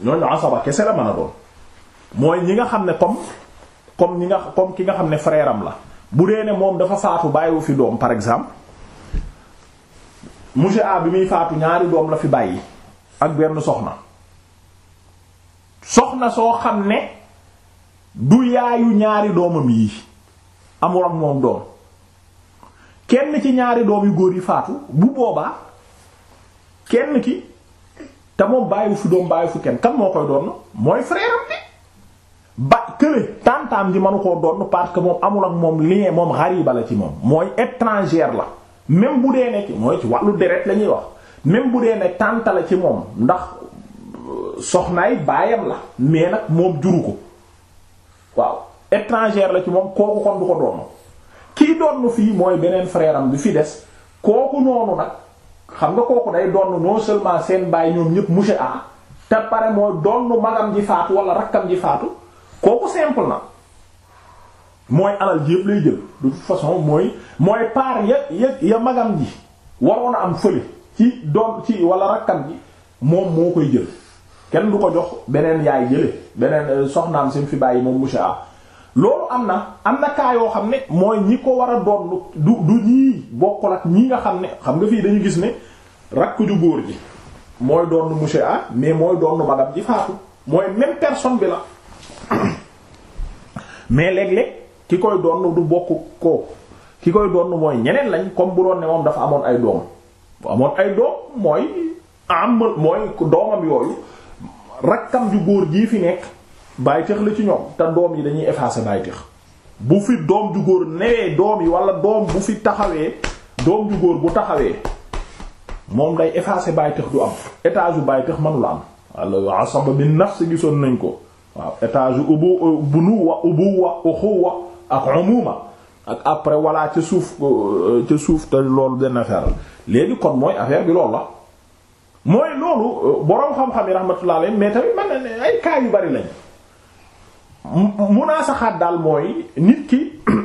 ñooñu asaba kese la mën a doon mooy ñi nga xam ne comme comme ñi nga comme ki nga xam ne frère la bu dee ne moom dafa faatu bàyyiwu fi doom par exemple monsieur A bi muy faatu ñaari doom la fi bàyyi. ak benn soxna soxna soo xam ne du yaayu ñaari doomam yi amul ak moom doom kenn ci ñaari doom yu góor yi faatu bu boobaa kenn ki te moom bàyyiwu fi doom bàyyiwu fi kenn kan moo koy doon mooy frère am bi ba kële tantaam ji manu koo doon parce que moom amul ak moom lien moom xariba la ci moom mooy étranger la même bu dee nekk mooy ci wàllu deret la wax même bu dee ne tànta ci moom ndax euh, soxnaay baayam la mais nag moom juru ko waaw étranger la ci moom kooku kon du ko doon kii doon fii mooy beneen frère bi fi des kooku noonu nag xam nga kooku day doon non seulement seen baay ñoom ñëpp monsieur A te pare mooy doon magam ji faatu wala rakkam ji faatu kooku simple na mooy alal ji yëpp lay jël de toute façon mooy mooy ya ya ya magam ji waroon a am fële. ci doom ci wala rakkam ji moom moo koy jël kenn du ko jox beneen yaay jële beneen euh, soxnaam si mu fi bàyyi moom monsieur ah loolu am na am na kaa yoo xam ne mooy ñi ko war a doon du du ñii bokkul ak ñi nga xam ne xam nga fii dañu gis ne rakk ju góor ji mooy doon monsieur A mais mooy doon magam ji faatu mooy même personne bi la mais léeg-léeg ki koy doon du bokk ko ki koy doon mooy ñeneen lañ comme bu doon ne moom dafa amoon ay doom. bu amoon ay doom mooy am mooy doomam yooyu rakkam ju góor jii fi nekk bàyyi tex la ci ñoom te doom yi dañuy effacer bàyyi bu fi doom ju góor newee doom yi wala doom bu fi taxawee doom ju góor bu taxawee moom day effacer bàyyi tex du am étage yu bàyyi tex manula am walla asaba bi nafs gisoon nañ ko waaw étage ubu bunu wa ubu wa uxuwa ak umuma ak après walla ca suuf euh, ca suuf te loolu benn affaire la léegi kon mooy affaire bi loolu la mooy loolu euh, boroom xam-xam yi rahmatullah alayhi mais tamit man ne ay cas yu bari lañ saxaat daal mooy nit ki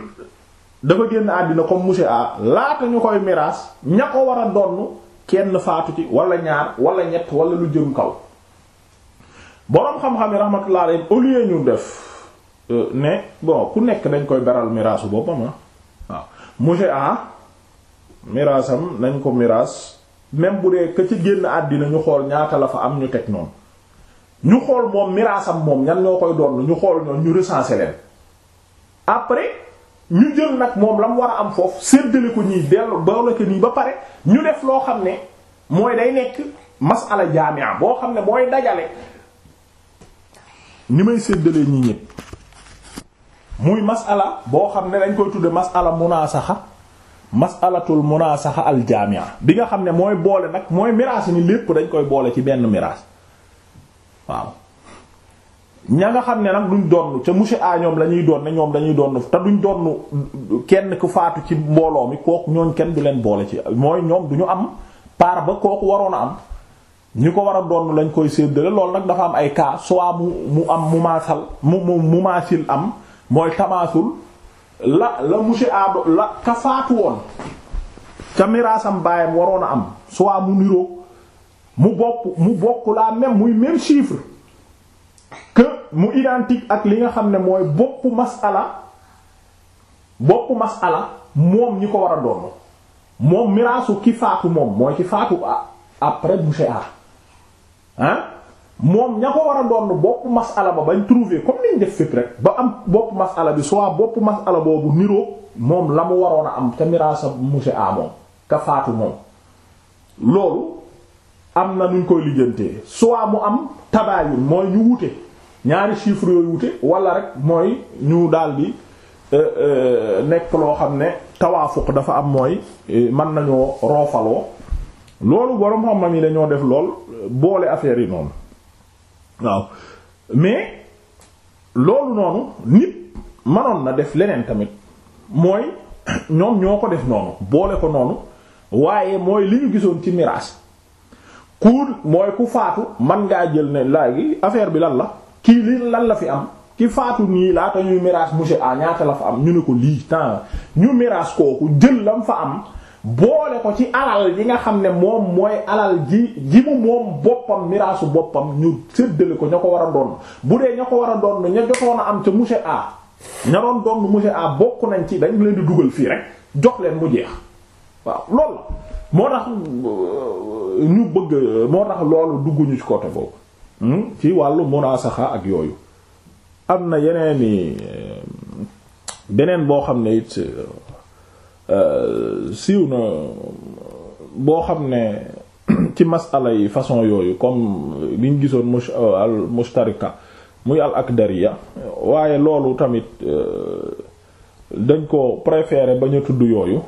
dafa génn àddina comme monsieur A laata ñu koy miraas ña ko war a donn kenn faatu ci wala ñaar wala ñett wala lu jëm kaw boroom xam-xam yi rahmatullah alayhi au lieu ñu def Euh, ne bon ku nekk dañ koy beral miraasu boppam ah waaw monsieur A ah, miraasam nañ ko miraas même bu dee ka ci génn àddina ñu xool ñaata la fa am ñu teg noonu ñu xool moom miraasam moom ñan ñoo koy doon ñu xool ñoom ñu recenser leen après ñu jël nag moom la mu war a am foofu séddale ko ñii dellu boole ko nii ba pare ñu def loo xam ne mooy day nekk masala jaamia boo xam ne mooy dajale ni may séddalee ñi ñépp muy mas'ala boo xam ne dañ koy tudde mas'ala munaasaxa mas'alatul munaasaxa aljaamia bi nga xam ne mooy boole nag mooy miraas ni lépp dañ koy boole ci benn miraas waaw ña nga xam ne nag duñ donn ca monsieur A ñoom la ñuy ne ñoom dañuy doon te duñ donn kenn ku faatu ci mbooloo mi kook ñooñ kenn du leen boole ci mooy ñoom du ñu am par ba kooku waroon a am ñi ko war a doon lañ koy séddale lool nag dafa am ay kaa soit mu mu am mu maasal mu mu maasil am. mooy tamaasul la la monsieur Ado la ka faatu woon ca miraasam baayam waroon a am soit mu niroog mu bokk mu bokk la même muy même chiffre que mu identique ak li nga xam ne mooy boppu masala boppu masala moom ñi ko war a doon moom miraasu ki faatu moom mooy ki faatu après monsieur A moom ña ko war a doon bopp masala ba bañ trouver comme niñ def fépp rek ba am bopp masala bi soit bopp masala boobu niroo moom la mu waroon a am te miraasa monsieur a moom ka faatu moom loolu am na nuñ koy lijjantee soit mu am tabaayun mooy ñu wute ñaari chiffres yooyu wute wala rek mooy ñu daldi euh, euh, nekk loo xam ne tawaafuq dafa am mooy euh, mën nañoo roofaloo loolu borom xam-xam yi dañoo def lool boole affaire yi noonu waaw mais loolu noonu nit manoon na def leneen tamit mooy ñoom ñoo ko def noonu boole ko noonu waaye mooy li ñu gisoon ci miraas kuul mooy ku faatu man ngaa jël ne laagi affaire bi lan la kii li lan la fi am ki faatu nii laata ñuy miraas monsieur a ñaata la fa am ñu ne ko lii temps ñu miraas kooku jël lam fa am boole ko ci alal yi nga xam ne moom mooy alal ji ji mu moom boppam miraasu boppam ñu séddale ko ña ko war a doon bu dee ña ko war a doon ña jotoon a am ca monsieur A ña doon doon monsieur A bokk nañ ci dañ leen di dugal fii rek jox leen mu jeex waaw loolu moo tax euh, ñu bëgg moo tax loolu dugguñu ci côté boobu hmm? ci wàllu munaasaxa ak yooyu am na yeneeni euh, beneen boo xam ne it euh, Euh, siiw na euh, boo xam ne ci masala yi façon yooyu comme liñ gisoon mu euh, al mustarika muy al akdariya waaye loolu tamit dañ ko préféré ba ñu tudd yooyu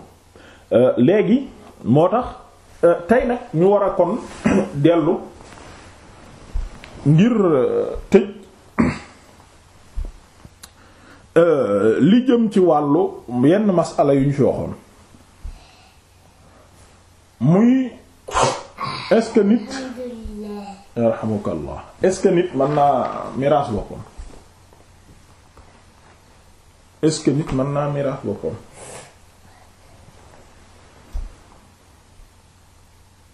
léegi moo tax tey nag ñu war a kon dellu ngir tëj Euh, li jëm ci wàllu yenn masala yu ñu fi waxoon muy est-ce que nit yarhamukallah est-ce que nit mën naa miraas boppam est-ce nit mën naa miraas boppam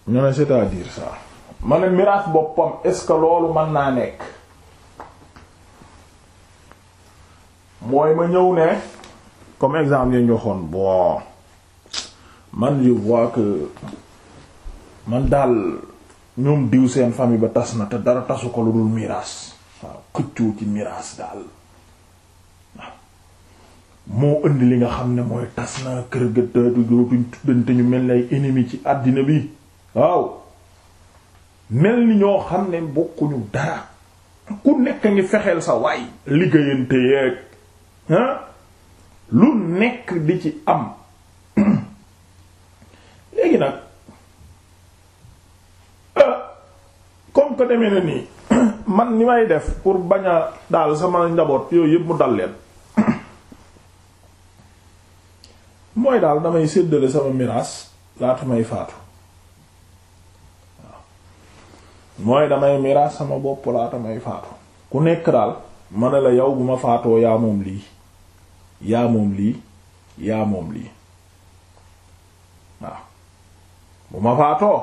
ñu ne c'est-à-dire ça ma ne miraas boppam est-ce que loolu mën naa nekk mooy ma ñëw ne comme exemple yi ñu waxoon bon man je vois que man daal ñoom diw seen famille ba tas na te dara tasu ko lu dul miraas waaw xëccoo ci miraas daal moo indi li nga xam ne mooy tas na kër ga dootuñ tuddante ñu mel ni ay ci àddina bi waaw mel ni ñoo xam ne bokkuñu dara ku nekk ngi fexeel sa waay liggéeyante yeeg lu nekk di ci am léegi nag euh, comme que demee na nii man ni may def pour bañ a daal sama njaboot yooyu yëpp mu dal leen mooy daal damay séddale sama miraas laata may faatu waaw mooy damay miraas sama bopp laata may faatu ku nekk daal ma la yow bu ma faatoo yaa moom lii yaa moom lii yaa moom lii waaw bu ma faatoo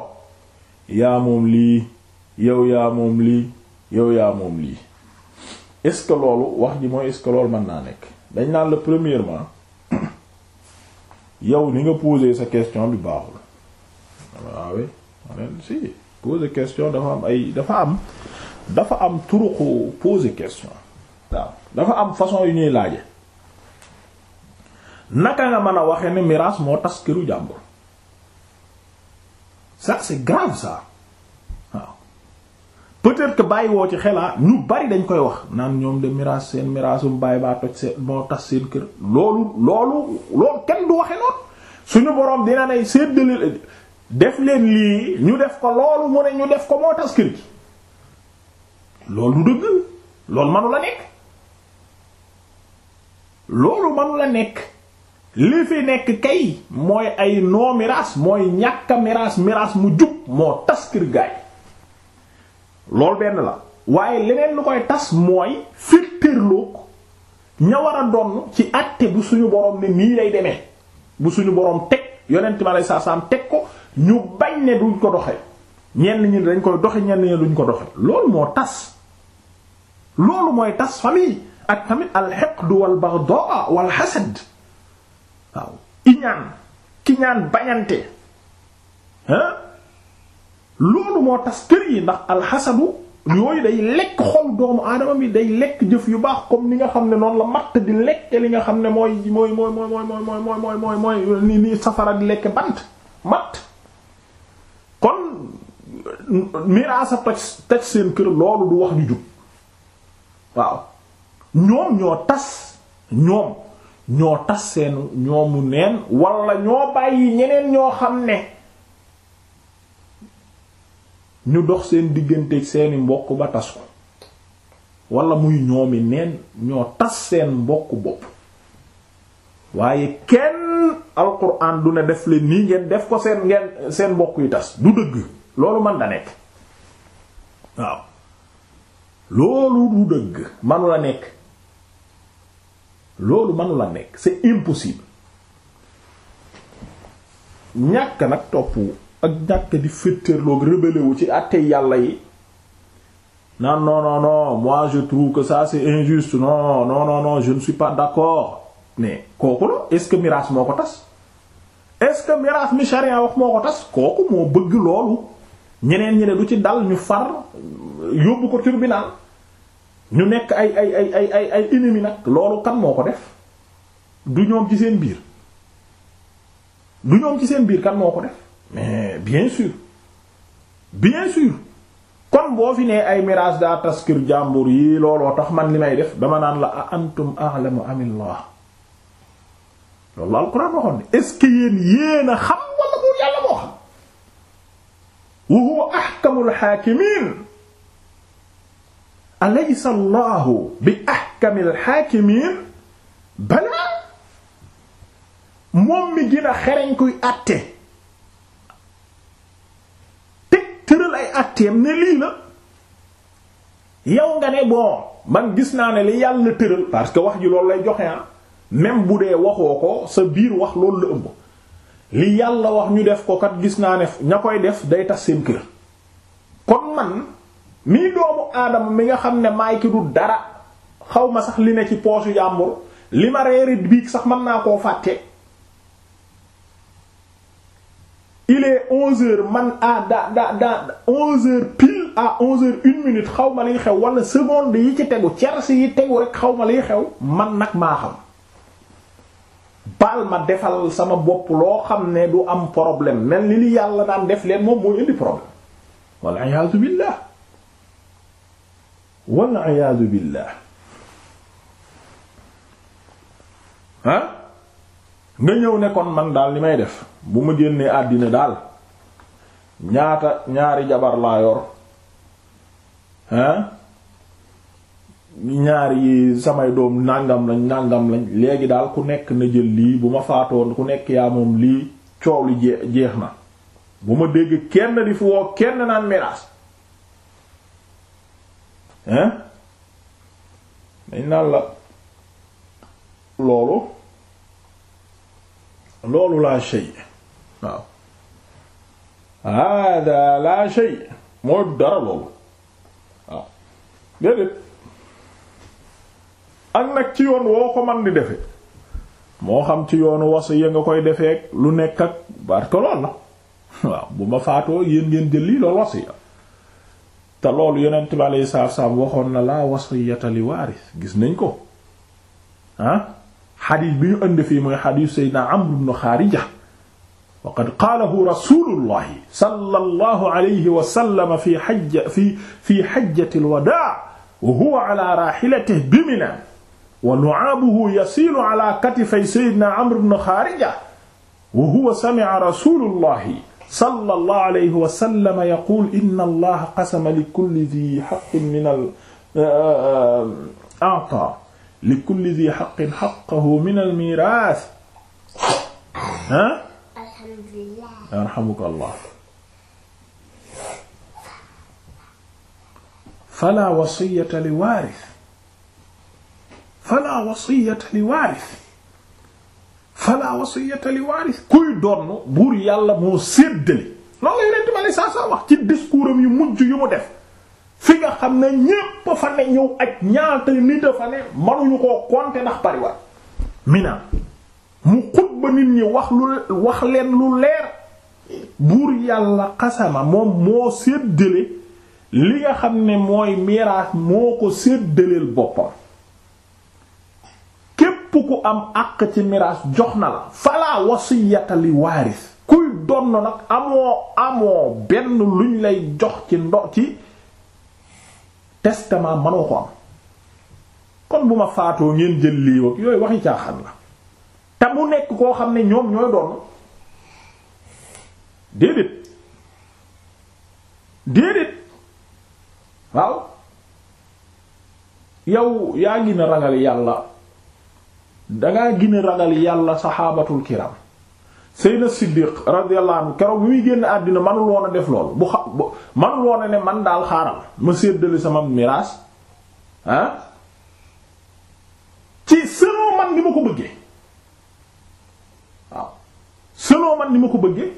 yaa moom lii yow yaa moom lii yow yaa moom lii est-ce wax ji mooy est-ce mën naa nekk dañ naan la premièrement yow ni nga poser sa question bi baaxul waaw ah maneen si poser question dafa am ay dafa am dafa am turuqu poser question waaw dafa am façon yu ñuy laaje naka nga mën a waxee ne miraas moo tas këru jàmbur ça c'est grave ça waaw peut-être que ci xelaa ah, ñu bari dañ koy wax naan ñoom de miraas seen miraasum bàyyi baa toj seen moo tas seen kër loolu loolu loolu kenn du waxe noonu suñu boroom dina lay séddale def leen lii ñu def ko loolu mu ne ñu def ko moo tas kër gi loolu du dëgg loolu manu nekk loolu manu la nekk li fi nekk kay mooy ay noo miraas mooy ñàkk a miraas miraas mu jub moo tas kër gaay loolu benn la waaye leneen lu koy tas mooy firtirloog ña war a ci àtte bu suñu borom ne nii lay demee bu suñu borom teg yonent ma lay saasaam teg ko ñu bañ ne duñ ko doxe ñenn ñi dañ koy doxe ñenn ñi duñ ko doxe loolu moo tas loolu mooy tas famille ak tamit al hiqd wal hasad waaw iñaan kiñaan bañante hein loolu moo tas kër yi ndax alxasadu yooyu day lekk xol doomu aadama bi day lekk jëf yu baax comme ni nga xam ne noon la matt di lekk li nga xam ne mooy mooy mooy mooy mooy mooy mooy mooy ni ni safara di lekk bant matt kon miraasa taj taj seen kër loolu du wax ju jub waaw ñoom ñoo tas ñoom ñoo tas seen ñoomu neen wala ñoo bàyyi ñeneen ñoo xam ne ñu dox seen digganteeg seeni mbokk ba tas ko wala muy ñoomi neen ñoo tas seen mbokk bopp waaye kenn alquran du ne def leen nii ngeen def ko seen ngeen seen mbokk yi tas du dëgg loolu man da nekk waaw loolu du dëgg manu la nekk loolu man la nekk c'est impossible ñàkk nag topp ak ñàkk di féttërloog rébélé wu ci àtte yàlla yi non non non non moi je trouve que ça c'est injuste non non non non je ne suis pas d'accord mais kooku la est-ce que miraas moo ko tas est-ce que miraas mi charia wax moo ko tas kooku moo bëgg loolu ñeneen ñi du ci dal ñu far yóbbu ko tribunal ñu nekk ay ay ay ay ay nag loolu kan moo ko def du ñoom ci seen biir du ñoom ci seen biir kan moo ko def mais bien sûr bien sûr kon boo fi nee ay miraas daa taskir jàmbur yi looloo tax man li may def dama naan la a antum a'lamu amillah loolu la alquran waxoon ne est yéen yéen xam wala buur yàlla moo xam wa huwa ahkamul hakimin alaysa allahu bi ahkamil haakimiin balaa moom mi gën a xereñ kuy àtte teg tëral ay àtteem ne lii la yow nga ne bon man gis naa ne li yàlla tëral parce que wax ji loolu lay joxe ah même bu dee waxoo ko sa biir wax loolu la ëmb li yàlla wax ñu def ko kat gis naa ne ña koy def day tas seen kër kon man mii doomu aadama mi nga xam ne maay ki du dara xaw ma sax li ne ci poosu jàmbur li ma reeri biig sax man naa koo fàtte il onze heures man à da da da onze heures pile à onze heures une minute xaw ma liy xew wala seconde yi ci tegu tiers yi tegu rek xaw ma liy xew man nag maa xam baal ma defal sama bopp loo xam ne du am problème mel ni li yàlla daan def leen moom mooy indi problème wal iyaazu billah wal iyaadu billah ah nga ñëw nekkoon kon man daal li may def bu ma génnee àddina daal ñaata ñaari jabar laa yor ah samay doom nàngam lañ nàngam lañ léegi daal ku nekk na jël lii bu ma faatoon ku nekk yaa moom lii coow li jeex na bu ma dégg kenn di fu woo kenn naan miraas hein dañ naan la loolu loolu laa shay waaw hada laa shay mooy dara loolu waaw déedéet ak nag ci yoon woo ko man di defe moo xam ci yoonu wasu ya nga koy defee lu nekk ak barke lool la waaw bu ma faatoo yéen ngeen jël lii loolu wasu ya te loolu yonent bi alayhi salaatu wassalaam waxoon na laa wasiyata li waaris gis nañ ko ah xadiis bi ñu ënd fii mooy xadiis Seydina Amr ibn Xaarija wa qad qaalahu rasuulullahi sallallahu alayhi wa sallam fi hajja fi fi hajjati alwadaa wa huwa ala raahilatihi bi Minaa wa lu'aabuhu yasiilu ala katifay Seydina Amr ibn Xaarija wa huwa sami'a rasuulullahi sallallahu alayhi wa sallam yaqul inna allaha qasama li kulli dhi haqqin min al eh, eh, a'ta li kulli dhi haqqin haqqahu min al miraas ha alhamdulillah yarhamukallah fala wasiyata li waaris fala wasiyata li waaris fala wasiyata li kuy donn buur yàlla moo séddale loolu la yonent bi aleyhi salaatu wax ci discours yu mujj yu mu def fi nga xam ne ñépp fa ne ñëw ak ñaata nit fa ne mënuñu koo compter ndax bariwaat mina mu xutba nit ñi wax lu wax leen lu leer buur yàlla xasama moom moo séddale li nga xam ne mooy miraas moo ko séddaleel boppam ku am àq ci miraas jox na la falaa wasiyata li waaris kuy donn nag amoo amoo benn luñ lay jox ci ndo ci testament mënoo ko am kon bu ma faatoo ngeen jël lii wag mu nekk koo xam ne ñoom ñooy doon yow yaa ngi na ragal yàlla dangaa gën ragal yàlla saxaabatul kiram Seydina Siddiq radiyallahu anhu keroog bi muy génn àddina manul woon a def loolu bu xa manul woon ne man daal xaaral ma séddale sama miraas ah ci selon man ni ma ko bëggee waaw ko bëggee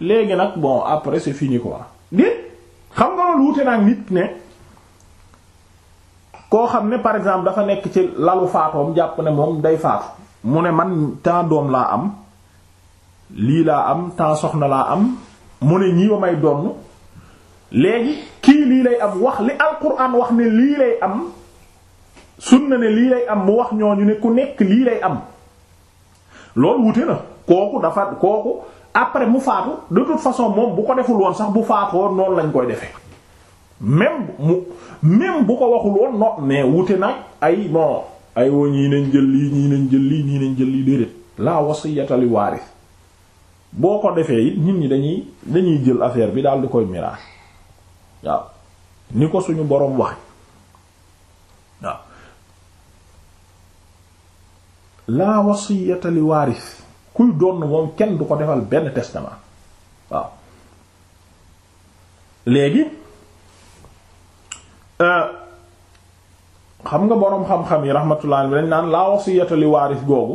léegi nag bon après c'est fini di xam nga loolu wute naa nit ne. koo xam ne par exemple dafa nekk ci lalu faatoom jàpp ne moom day faatu mu ne man temps doom laa am lii laa am temps soxna laa am mu ne ñii may donn léegi kii lii lay am wax li alquran wax ne lii lay am na ne lii lay am mu wax ñoo ñu ne ku nekk lii lay am loolu wute na kooku dafa kooku après mu faatu de toute façon moom bu ko deful woon sax bu faatoo noonu lañ koy defee même mu même bu ko waxul woon non mais wute nag ay non ay woo ñii nañ jël lii ñii nañ jël lii ñii nañ jël lii déedéet laa wasiyata li waaris boo ko defee it nit ñi dañuy dañuy jël affaire bi daal di koy miraas waaw ni ko suñu boroom wax waaw laa wasiyata li waaris kuy doon moom kenn du ko defal benn testament waaw léegi Euh, xam nga boroom xam-xam yi rahmatullah bi dañ naan laa wasiyata li waaris googu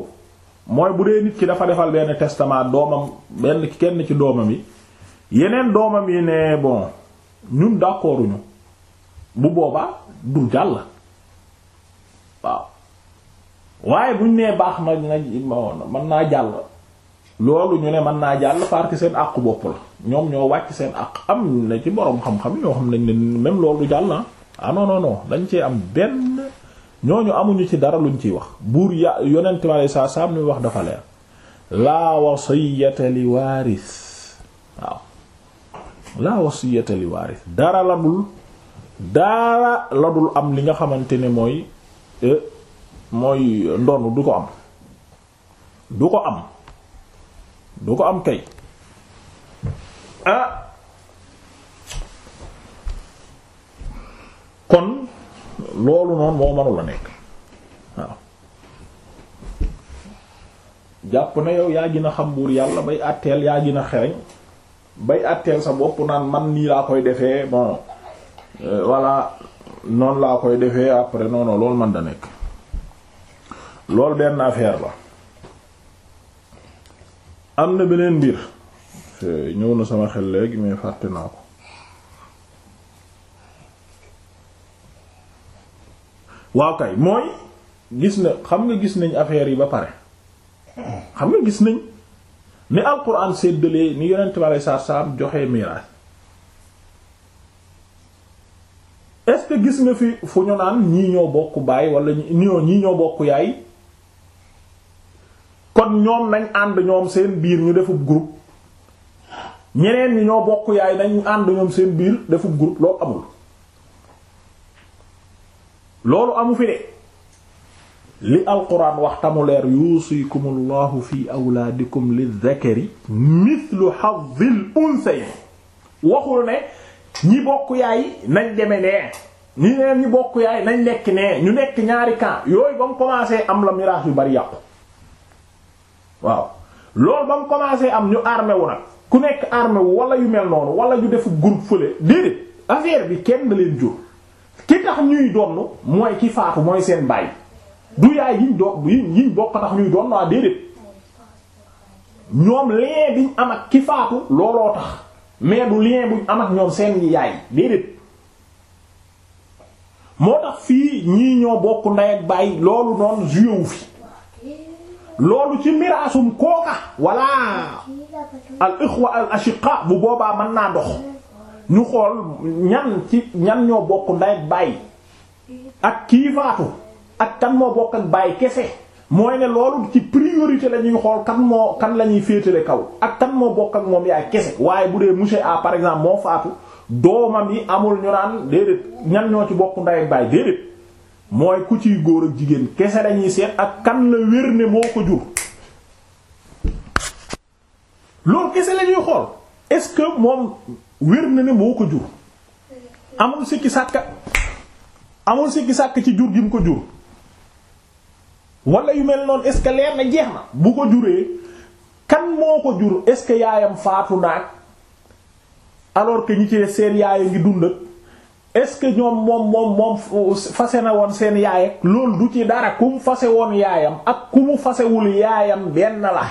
mooy bu dee nit ki dafa defal benn testament doomam benn kenn ci doomam yi yeneen doomam yi ne bon ñun d'accorduñu bu boobaa du jàll waaw waaye nee baax na na mën naa jàll loolu ñu ne mën naa jàll parce seen àqu bopp la ñoom ñoo wàcc seen àq am na ci boroom xam-xam yoo xam nañ ne même loolu du jàll na ah. ah non non non dañ cee am benn ñooñu amuñu ci dara luñ ciy wax buur ya yonent mi alei saat salaam wax dafa leer laa wasiyata li waaris waaw laa wasiyata li waaris dara la dul dara la am li nga xamante ne mooy e, mooy ndonn du ko am du ko am du ko am kay ah, loolu noonu moo mënul nekk waaw jàpp na yow yaa gën a xam buur yàlla bay àtteel yaa gën a xereñ bay àtteel sa bopp naan man nii laa koy defee bon euh, voilà noonu laa koy defee après non loolu man da nekk loolu benn affaire la am na beneen mbir ñëw na sama xel léegi mais fàtte naa ko waaw kay mooy gis na xam nga gis nañ affaire yi ba pare xam nga gis nañ ni alquran séddalee ni yonent bi aleyhi salaatu salaam joxe miraas est-ce que gis nga fi fu ñu naan ñii ñoo bokk baay wala ñii ñoo bokk yaay kon ñoom nañ ànd ñoom seen biir ñu defub groupe ñeneen ñi ñoo bokk yaay nañ ànd ñoom seen biir defub groupe loo amul loolu amu fi de li alquran wax tamu leer yuusikumullahu fi awlaadikum lidhakari mithlu hazzil unsayn waxul ne ñi bokk yaay nañ deme nee ñi neen ñi bokk yaay nañ nekk nee ñu nekk ñaari camp yooyu ba mu commencé am la miraas yu bari yàqu waaw loolu ba mu commencé am ñu armé nag ku nekk armé wu wala yu mel noonu wala ñu def groupe fële déedéet affaire bi kenn da leen jur ki tax ñuy donn mooy ki faatu mooy seen baay du yaay yiñ do yiñ bokk tax ñuy donn waa déedéet ñoom lien biñ am ak ki faatu looloo tax mais du lien buñ am ak ñoom seen yaay déedéet moo tax fii ñii ñoo bokk ndey ak baay loolu noonu juyewu fi loolu ci miraasum kooka walla al ikhwa al ashiqa bu boobaa mën naa dox ñu xool ñan ci ñan ñoo bokk nday bàyyi ak kii faatu ak kan moo bokk ak bàyyi kese mooy ne loolu ci priorité la ñuy xool kan moo kan lañuy féetale kaw ak kan moo bokk ak moom yaay kese waaye bu dee monsieur A par exemple moo faatu doomam yi amul ñu naan déedéet ñan ñoo ci bokk nday ak bàyyi déedéet mooy ku ciy góor ak jigéen kese lañuy seet ak kan la wér ne moo ko jur loolu kese lañuy xool est-ce que moom wér na ne moo ko jur amul sikki sàkka amul sikki sàkk ci jur gi mu ko jur wala yu mel noonu est-ce que leer na jeex na bu ko juree kan moo ko jur est-ce que yaayam faatu naag alors que ñi ci seen yaay ngi dund ak est-ce que ñoom moom moom fase na woon seen yaay lool du ci dara ku fase woon yaayam ak ku fasewul yaayam benn la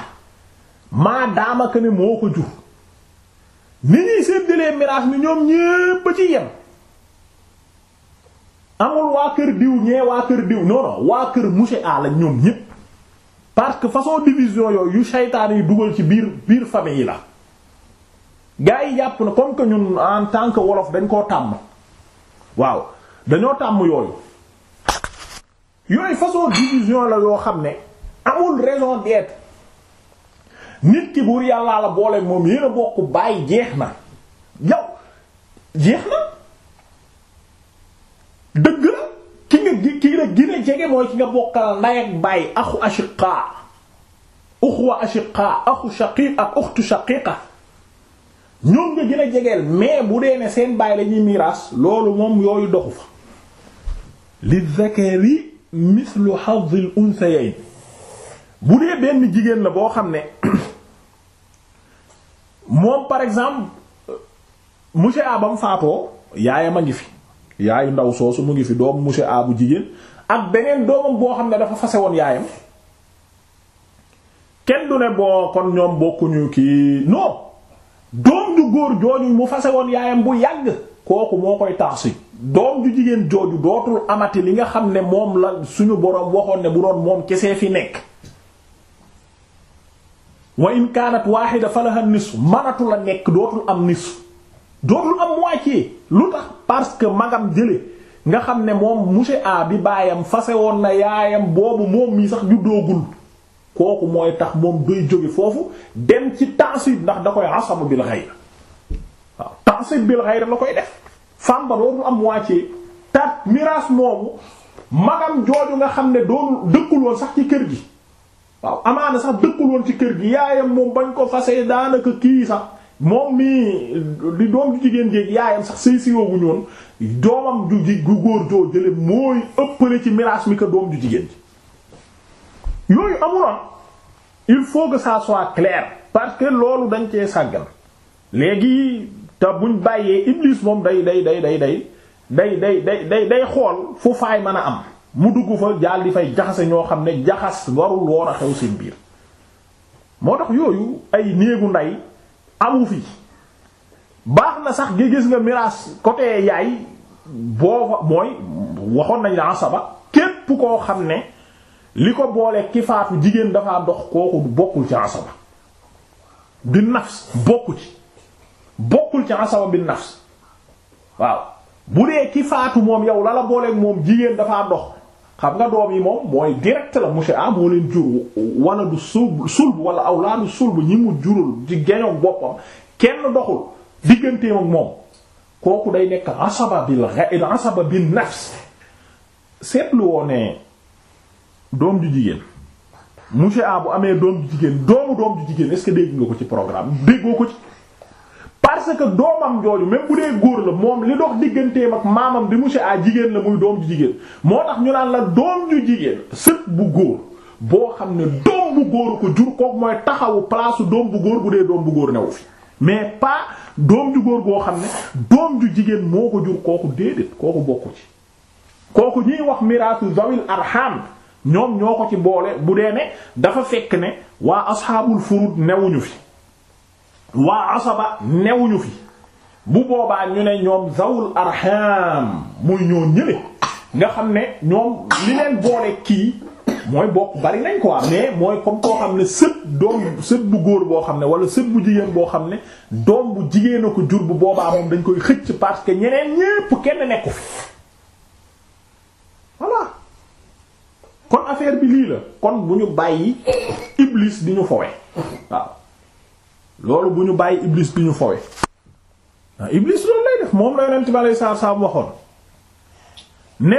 maa daamaka ne moo ko jur ni ñuy séddalee miraas mi ñoom ñépp ci yem amul waa kër diw ñee waa kër diw non non waa kër monsieur la ñoom ñépp parce que façon division yooyu yu seytaane yi dugal ci biir biir famille yi la gars yi jàpp na comme que ñun en tant que wolof dañ koo tàmm waaw dañoo tàmm yooyu yooyu façon division la yoo xam ne amul raison d'être nit ki buur yàllaa la boole moom yéen a bokk bàyyi jeex na yow jeex na dëgg la ki nga ki la gën a jege mooy ki nga bokkal nday ak bàyyi axu ashiqa uxwa ashiqa axu shaqiq ak uxtu shaqiqa ñoom nga gën a jegeel mais bu dee ne seen bàyyi la miraas loolu moom yooyu doxu fa li zakari mithlu hadd al unthayayn bu dee benn jigéen la boo xam ne moom par exemple euh, monsieur A ba faatoo yaayam a ngi fi yaayu ndaw soosu mu ngi fi doom monsieur A bu jigéen ak beneen doomam boo xam ne dafa fase woon yaayam kenn du ne boo kon ñoom bokkuñu kii non doom ju góor jooju mu fase woon yaayam bu yàgg kooku moo koy si doom ju jigéen jooju dootul amati li nga xam ne moom la suñu boroom waxoon ne bu doon moom kesee fi nekk wa in kaanat waaxida falaha nisfu manatu la nekk dootul am nis dootul am moitié lu tax parce que magam jële nga xam ne moom monsieur bi baayam fase woon na yaayam boobu moom mii sax juddoogul kooku mooy tax moom doy jóge foofu dem ci tansib ndax da koy asabu bil ghayr waaw bil ghayr la koy def fàmba ba dootul am moitié tat miraas moomu magam jooju nga xam ne doonul dëkkul sax ci kër gi waaw amaana sax dëkkul ci kër gi yaayam moom bañ ko fasee daanaka kii sax moom mii di doom ju jigéen jéeg yaayam sax sëy siwoogu ñoon doomam ju ji gu góor joo jële mooy ëppale ci miraas mi ko doom ju jigéen ji yooyu amuloon il faut que ça soit clair parce que loolu dañ cee sàggal léegi te buñ bàyyee Iblis moom day day day day day day day day day xool fu faay mën a am mu dugg fa daal di fay jaxase ñoo xam ne jaxas warul woon a xew seen biir moo tax yooyu ay néegu nday amu fi baax na sax gi gis nga miraas côté yaay boo mooy waxoon nañ la asaba képp koo xam ne li ko boole ki faatu jigéen dafa dox kooku bokkul ci asaba bi nafs bokku ci bokkul ci asaba bi nafs waaw bu dee ki faatu moom yow la la moom jigéen dafa dox xam nga doom yi moom mooy direct la monsieur moo leen jur wala du sulb sulb wala awlaadu sulb ñi mu jurul di geñoog boppam kenn doxul digganteem ak moom kooku day nekk asaba bil asaba bin nafs seetlu woo ne doom ju jigéen monsieur A bu amee doom ju jigéen doomu doom ju jigéen est que dégg nga ko ci programme déggoo ko ci parce que doomam jooju même bu dee góor la moom li dox digganteem ak maamam bi monsieur a jigéen la muy doom ju jigéen moo tax ñu naan la doom ju jigéen sët bu góor boo xam ne doom góor ko jur kook mooy taxawu place doom bu góor bu dee doom bu góor newu fi mais pas doom ju góor goo xam ne doom ju jigéen moo ko jur kooku déedéet kooku bokku ci kooku ñuy wax miraasu zawil arham ñoom ñoo ko ci boole bu dee ne dafa fekk ne waa asxaabul furud newuñu fi waa asaba newuñu fi bu boobaa ñu ne ñoom zawul arham muy ñoo ñële nga xam ne ñoom li leen boole kii mooy bokk bari nañ quoi mais mooy ne sët bu góor boo xam ne wala sët jigéen boo xam ne doom jigéen a ko jur bu boobaa moom dañ koy xëcc parce que ñeneen ñépp kenn nekku kon affaire bi lii la kon bu ñu bàyyi iblis di ñu fowe loolu bu ñu bàyyi iblis bi ñu fowe ah iblis loolu lay def moom la yonent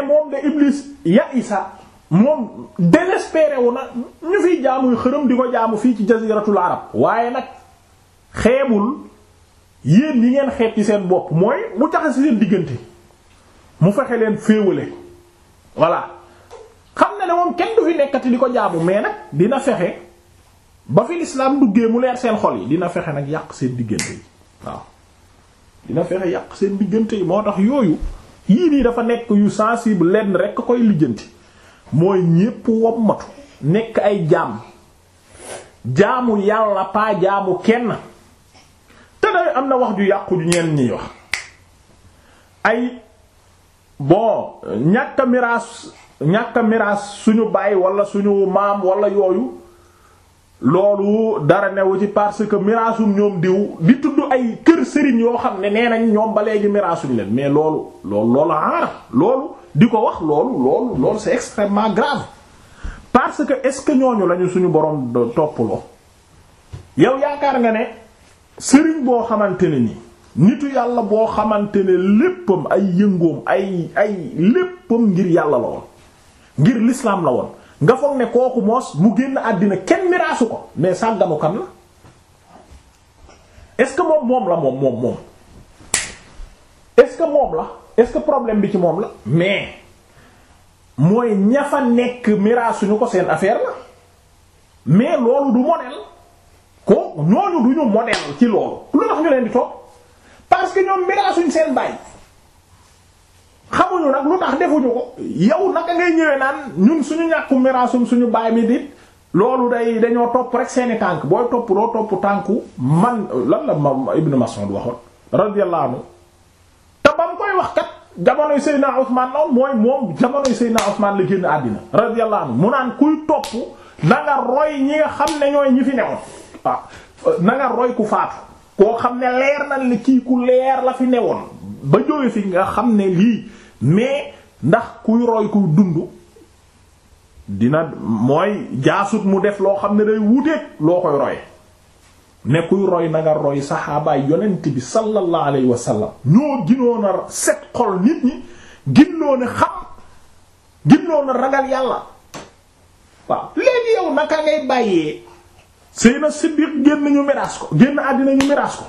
moom de iblis ya isa moom désespéré wu na ñu fiy jaamuy xërëm di ko jaamu fii ci jaziratul arab waaye nag xeebul yéen yi ngeen xeeb ci seen bopp mooy mu tax ci seen diggante mu fexe leen féewale voilà xam na ne moom kenn du fi nekkati di ko jaamu mais nag dina fexe ba fi lislaam duggee mu leer seen xol yi dina fexe nag yàq seen diggante yi waaw dina fexe yàq seen diggante yi moo tax yooyu yii nii dafa nekk yu sensible lenn rekk koy lijjanti mooy ñépp wommatu nekk ay jaam jaamu yàlla paa jaamu kenn te day am na wax ju yàqu ju ñeen ñiy wax ay bon ñàkk miraas ñàkk miraas suñu baay wala suñu maam wala yooyu loolu dara newu ci parce que miraasum ñoom diw di tudd ay kër sëriñ yoo xam ne nee nañ ñoom ba léegi miraasuñ leen mais loolu loolu loolu aara loolu di ko wax loolu loolu loolu extrêmement grave parce que est-ce que ñooñu lañu suñu borom toppaloo yow yaakaar nga ne sëriñ boo xamante ne ni nitu yàlla boo xamante ne léppam ay yëngoom ay ay léppam ngir yàlla la woon ngir l'islam la woon nga foog ne kooku moos mu génn àddina kenn miraasu ko mais sàgganu kan la est-ce que moom moom la moom moom moom est-ce que moom la est-ce que problème bi ci moom la mais mooy ña fa nekk miraasuñu ko seen affaire la mais loolu du modèle ko ñooñu du ñu modèle ci loolu lu tax ñu leen di topp parce que ñoom miraasuñ seen bàyyi. xamuñu nag lu tax defuñu ko yow naka ngay ñëwee naan ñun suñu ñàkku miraasum suñu baay mi dit loolu day dañoo topp rek seeni tànk booy topp doo topp tànku man lan la ma Ibn Mas'ud waxoon radiyallahu anhu te ba mu koy wax kat jamonoy Seydina Ousmane noonu mooy moom jamonoy Seydina Ousmane la génn àddina radiyallahu anhu mu naan kuy topp na roy ñi nga xam ne ñooy ñi fi ne waaw na roy ku faatu koo xam ne leer na li kii ku leer la fi newoon ba jóge fi nga xam ne lii mais ndax kuy roy ku dund dina mooy jaasut mu def loo xam ne day wuuteeg loo koy roy ne kuy roy na nga roy saxaabaay yonent bi sallallahu alayhi wa sallam ñoo ginoon a set xol nit ñi ginoon a xam ginoon a ragal yàlla waaw léegi yow naka ngay bàyyee Seydina Siddiq génn ñu miraas ko génn àddina ñu miraas ko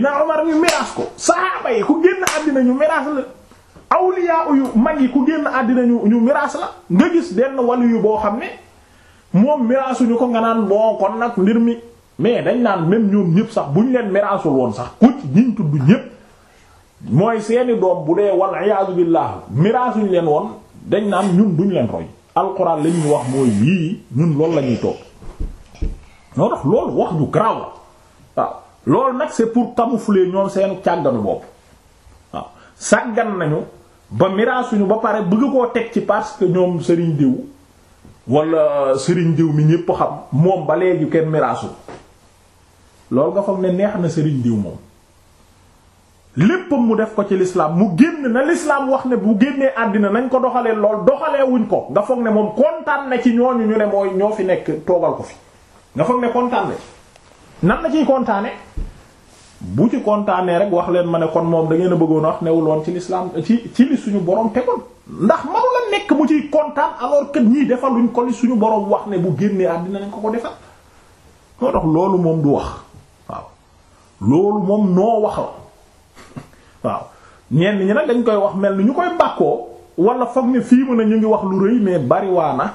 naa Omar ñu miraas ko saxaaba yi ku génn àddina ñu miraas la awliya yu mag yi ku génn àddina ñu ñu miraas la nga gis denn waliyu boo xam ne moom miraasuñu ko nga naan bon kon nag mbir mi mais dañ naan même ñoom ñëpp sax bu buñ leen miraasul woon sax ku ñiñ tudd ñëpp mooy seeni doom bu dee wal iyaazu billah miraasuñ leen woon dañ naan ñun duñ leen roy alxuraan lañuy wax mooy lii ñun loolu lañuy toog noo tax loolu wax ju garaaw la loolu nag c'est pour camoufler ñoom seen càgganu bopp waaw sàggan nañu ba miraasuñu ba pare bëgg koo teg ci parce que ñoom sëriñ diw wala sëriñ diw mi ñépp xam moom ba léegi kenn miraasu loolu nga foog ne neex na sëriñ diw moom léppam mu def ko ci lislaam mu génn na l'islam wax ne bu génnee àddina nañ ko doxalee lool doxalewuñ ko nga foog ne moom kontaan na ci ñooñu ñu ne mooy ñoo fi nekk toogal ko fi nga foog ne kontaan na nan la ciy kontaane bu ci kontaanee rek wax leen ma ne kon moom da ngeen a bëggoon wax newul woon ci l'islam ci ci li suñu borom tegoon ndax man la nekk mu ciy kontaan alors que ñii defal luñ ko li suñu borom wax ne bu génnee àddina nañ ko ko defal moo tax loolu moom du wax waaw loolu moom noo wax la waaw ñenn ñi nag dañ koy wax mel ni ñu koy bàkkoo wala foog ne fii mën a ñu ngi wax lu rëy mais bariwaana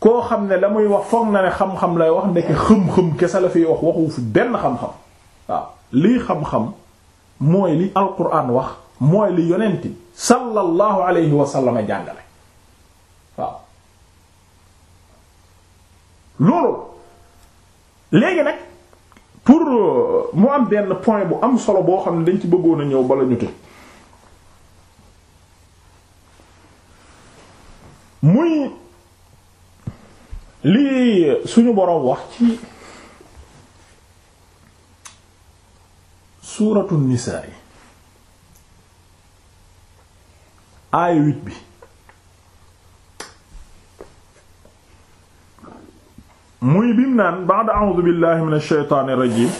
koo xam ne la wax foog na ne xam-xam lay wax ndeke xëm-xëm kese la fiy wax waxu fi benn xam-xam waaw lii xam-xam mooy li alquran wax mooy li yonent bi sallallahu alayhi wa sallam jàngale waaw loolu léegi nag pour euh, mu am benn point bu am solo boo xam ne dañ ci bëggoon a ñëw bala ñu tëj muy lii suñu boroom wax ci suuratu nisaa yi aaya huit bi muy bim naan ba'da a'uudu billahi minash shaytaanir rajiim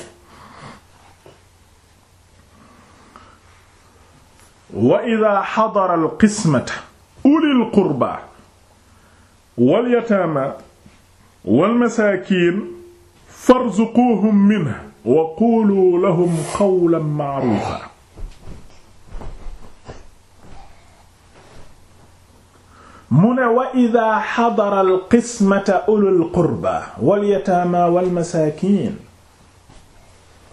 wa idhaa hadara al qismata ulil qurbaa wal yataamaa wal masaakiin farzuquuhum minhu wa quuluu lahum qawlan ma'ruufan mu ne wa idaa xadara alqismata ulul qurbaa wal yataamaa wal masaakiin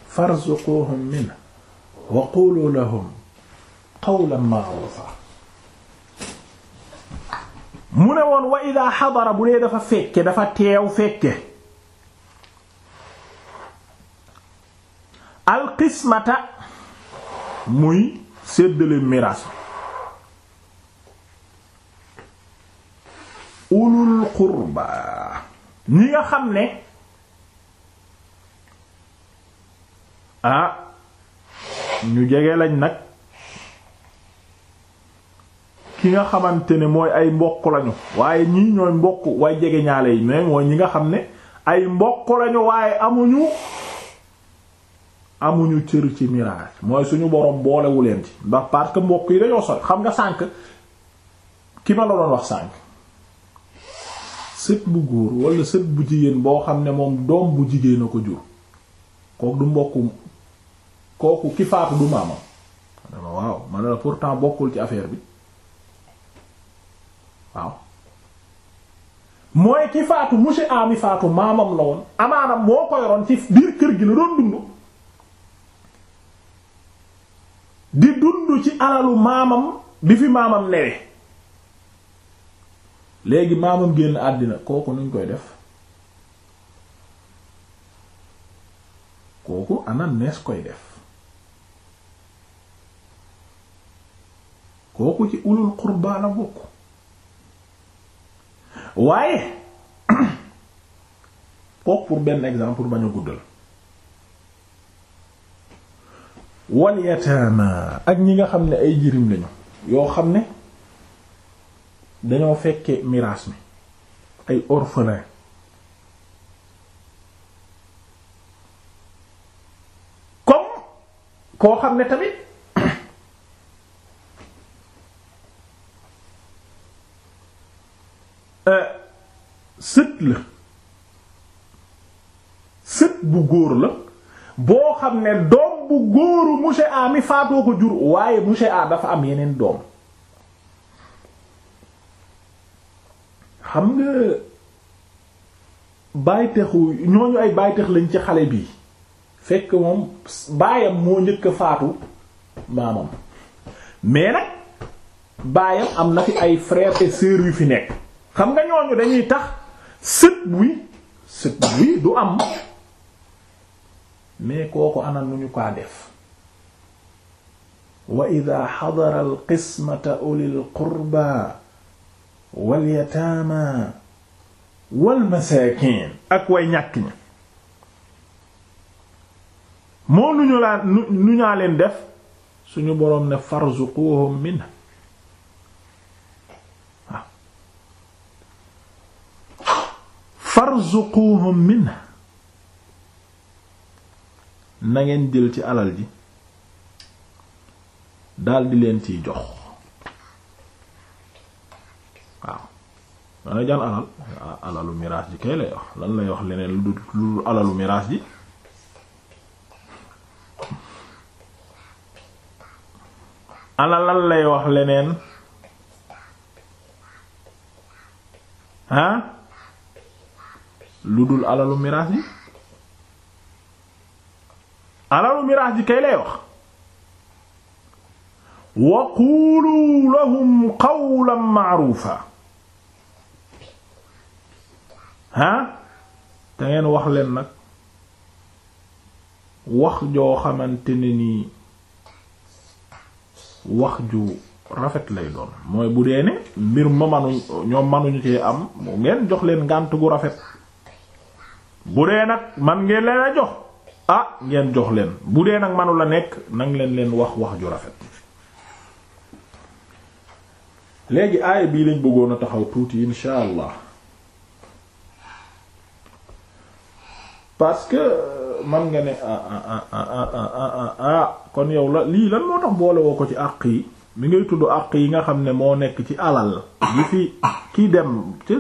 farzuquuhum minhu wa quuluu lahum qawlan ma'ruufan mu ne woon wa ida xadara bu dee dafa fekke dafa teew fekke alxismata muy séddale miras ulul qurba ñi nga xam ne ah ñu jege lañ nag ki nga xamante ne mooy ay mbokk lañu waaye ñii ñooy mbokk way jege ñaale yi mais mooy ñi nga xam ne ay mbokk lañu waaye amuñu amuñu cër ci miraas mooy suñu borom boolewu leen ci ba parce que mbokk yi dañoo sol xam nga sànq ki ma la doon wax sànq sët bu góor wala sët bu jigéen boo xam ne moom doom bu jigéen a ko jur kooku du mbokku kooku ki faatu du maamam dama waaw man la pourtant bokkul ci affaire bi waaw mooy ki faatu monsieur ami faatu maamam la woon amaanam moo ko yoroon ci biir kër gi la doon dund di dund ci alalu maamam bi fi maamam newe léegi maamam génn àddina kooku nuñ koy def kooku ana nees koy def kooku ci ulul qurba bokk waaye kooku benn exemple pour bañ a guddal wal ak ñi nga xam ne ay jirim lañu yoo xam ne dañoo fekke miraas mi ay orphelin comme koo xam ne tamit sët la sët bu góor la boo xam ne doom bu góoru monsieur mi faatoo ko jur waaye monsieur A dafa am yeneen doom xam nga bàyyitexu ñooñu ay bàyyitex lañ ci xale bi fekk moom baayam moo njëkk faatu maamam mais nag baayam am na fi ay frères et sœurs yu fi nekk xam nga ñooñu dañuy tax sët wi sët wi du am mais kooku ana nu ñu kaa def wa ida xadara alqismata ulil qurba walyataama walmasaakin ak way ñàkk ña moo nu ñu laa nu ñaa leen def suñu boroom ne farzuquhum minha warzuquhum mi na ngeen jël ci alal ji daldi leen ciy jox waaw dana jaan alal alalu miraas ji kay lay wax lan lay wax leneen lu dul alalu miraas ji ana lan lay wax leneen ah lu dul alalu miraas ji alalu miraas ji kay lay wax wa qulu lahum qawlan ma'rufa ah te ngeen wax leen nag wax joo xamante ne nii wax ju rafet lay doon mooy bu dee ne mbir ma manu ñoom manuñu cee am mu ngeen jox leen ngànt gu rafet bu dee nag man ngeen leen a jox a ngeen jox leen bu dee nag manu nekk nang leen leen wax wax ju rafet léegi aaya bii lañ bëggoon a taxaw tuuti insha allah parce que man nga ne a kon yow la lii lan moo tax boole ko ci àq yi mi ngay tudd àq yi nga xam ne moo nekk ci alal yi fi ki dem ci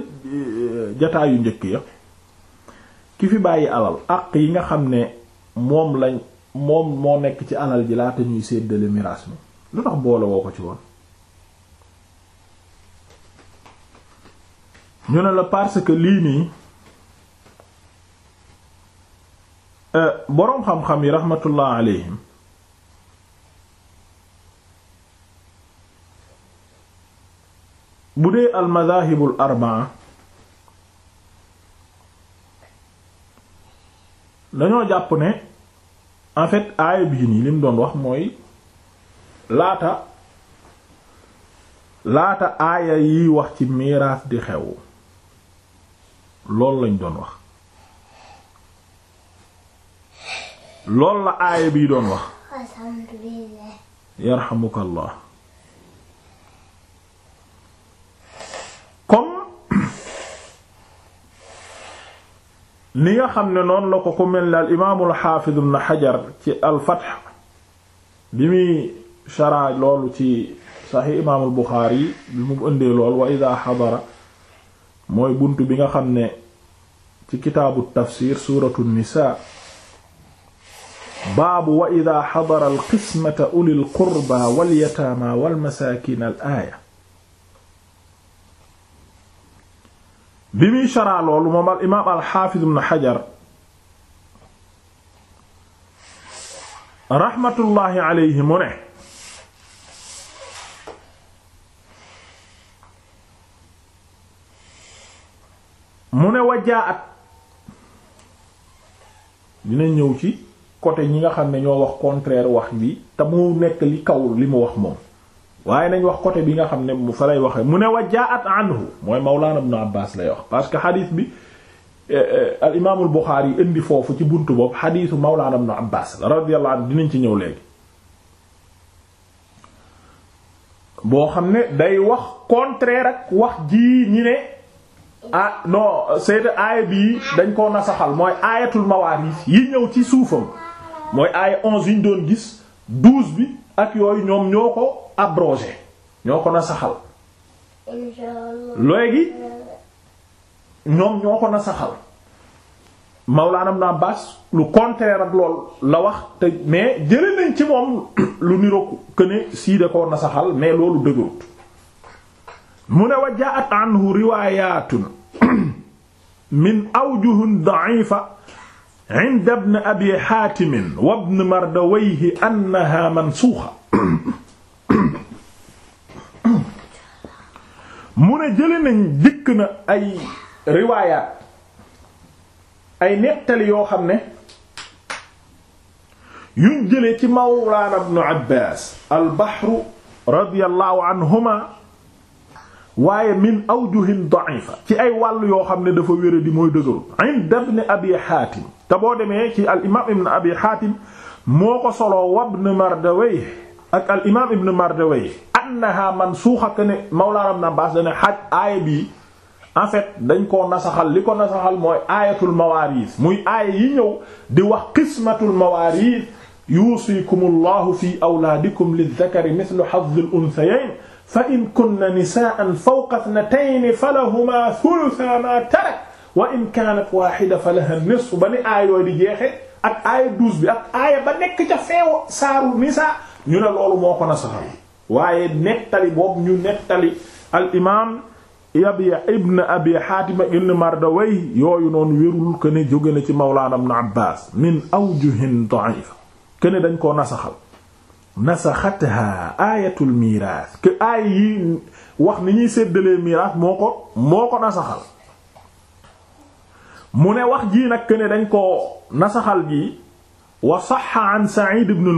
jataayu njëkk ya ki fi bàyyi alal àq yi nga xam ne moom lañ moom moo nekk ci alal ji laata ñuy séddale miraas mi lu tax boole woo ko ci woon ñu ne la parce que lii nii euh, boroom xam-xam yi rahmatullah alayhim bu dee al arbaa dañoo jàpp ne en fait aaya bii nii lim doon wax mooy laata laata aaya yiy wax ci miiraas di xew loolu lañ doon wax loolu la aaya bii doon wax yarhamukallah ni nga xam ne noonu la ko ku mel ne al imaamul xaafiz ibn xajar ci al fath bi muy shara loolu ci saxi imaamul buxaari bi mu ëndee lool wa ida mooy bunt bi nga xam ne ci kitaabu tafsir suratu nisa baabu wa ida xadara alqismata ulil qurba walyataama walmasaakin al aaya bi muy sharaa loolu moom al imaam al xaafiz ibn xajar raxmatullaahi alayhi mu ne mu ne wajaat dina ñëw ci côté ñi nga xam ne ñoo wax contraire wax bi te mu nekk li kawul li mu wax moom waaye nañ wax côté bi nga xam ne mu fa lay waxee mu ne wax jaa jaat anhu mooy Mawlana Ibn Abbas lay wax parce que xadis bi eh, eh, al imaamul Buxaari yi indi foofu ci buntu boobu xadisu Mawlana Ibn Abbas radiyallahu anhu dinañ ci ñëw léegi. boo xam ne day wax contraire ak wax jii ñi ne ah no saytu aaya bii dañ koo nasaxal mooy aayatul mawaarif yi ñëw ci suufam mooy aaya onze yi ñu doon gis douze bi ak yooyu ñoom ñoo ko. abrogé ñoo ko na saxal léegi ñoom ñoo ko na saxal Mawlaana Ibn lu contraire lool la wax te mais jëlee ci moom lu niroog que ne sii da koo na saxal mais loolu dëgërut mu ne wa anhu riwaayaatun min awjuhin da'ifa inda ibn abi haatim wa ibn mardawayhi annaha mansuuxa mu ne jële nañ dikk na ay riwaayaat ay nettali yoo xam ne yuñ jële ci mawlaana ibnu abbaas albahru radiyallahu anhuma waaye min awjuhin da'ifa ci ay wàll yoo xam ne dafa wére di mooy dëgëru inda demee ci al imaam ibn abi xaatim moo ko soloo wabn mardawey ak al imaam ibn mardawey annaha mansuuxa que ne Mawlaana Ibn Abbaas dane xaj aaya bii en fait dañ koo nasaxal li ko nasaxal mooy aayatul mawaariis muy aaya yi ñëw di wax qismatul mawaariis yuusikumullahu fi awlaadikum lizzakari mithlu hazzil unsayayn fa in kunna nisaa'an fawqa ithnatayni falahumaa thuluthaa maa taraka wa in kaanat waahida falahaa nisfu ba ni aayooy di jeexe ak aaya douze bi ak aaya ba nekk ca feew saaru nisaa ñu ne loolu moo ko nasaxal waaye nettali boobu ñu nettali al ibn abi xaatim ibn mardawey yooyu noonu wérul que ne jóge na ci mawlaana ibn abbaas min awjuhin da'ifa que ne dañ koo nasaxal nasaxatha aayatul miiraas que aay yi wax ni ñuy séddalee miiraas moo ko moo ko nasaxal mu ne wax jii nag que ne dañ koo nasaxal jii wa saxa an sa'id ibn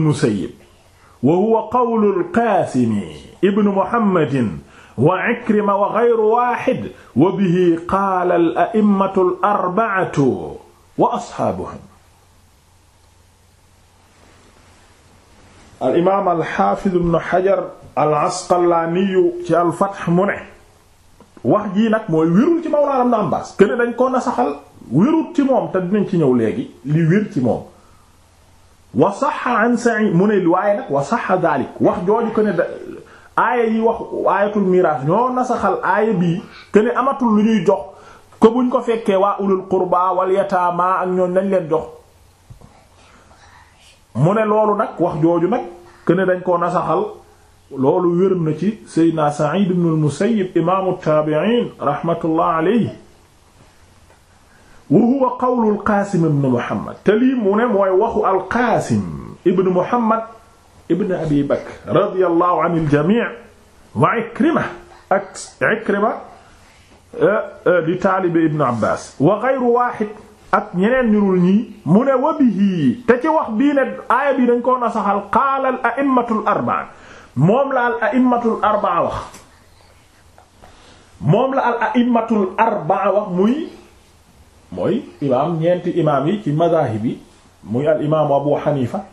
wa huwa qawlu al-Qaasim ibn Muhammadin wa Ikrima wa ghayru waahid wa bihi qaala al-a'immatu al-arba'atu wa ashaabuhum. al-imaam al-haafiz ibn Hajar al-Asqalaani ci al-Fath mu ne wax jii nag mooy wérul ci Mawlaana Ibn Abbaas kenn dañ ko nasaxal wérul ci moom te dinañ ci ñëw léegi li wér ci moom. wa saxa mu ne waaye wa saxa wax jooju ko ne yi wax aayatul miraas ñoo nasaxal aaya bii te amatul lu ñuy jox ko ko fekkee waa ulul qurba wal ak ñooñ lañ leen jox mu ne loolu nag wax jooju nag ke ne dañ koo nasaxal loolu wér na ci Seydina Sa'id ibn al-Musayyib imaamu taabi'iin rahmatullah wa huwa qawlu alqaasim ibn muhammad te lii mu ne mooy waxu alqaasim ibn muhammad ibn abi bakr radiyallahu an aljamii wa ikrima ak ikrima eh, eh, di taalibe ibn abbas wa ghayru wahid ak ñeneen ñurul ñii mu ne wa bihi te ci wax bii ne aaya bi dañ koo nasaxal qaala al a'immatu al arba'a moom la al a'immatu al arba'a wax moom la al a'immatu al arba'a wax muy mooy imaam ñeenti imaam yi ci mazahib yi muy al imaamu Abu Hanifa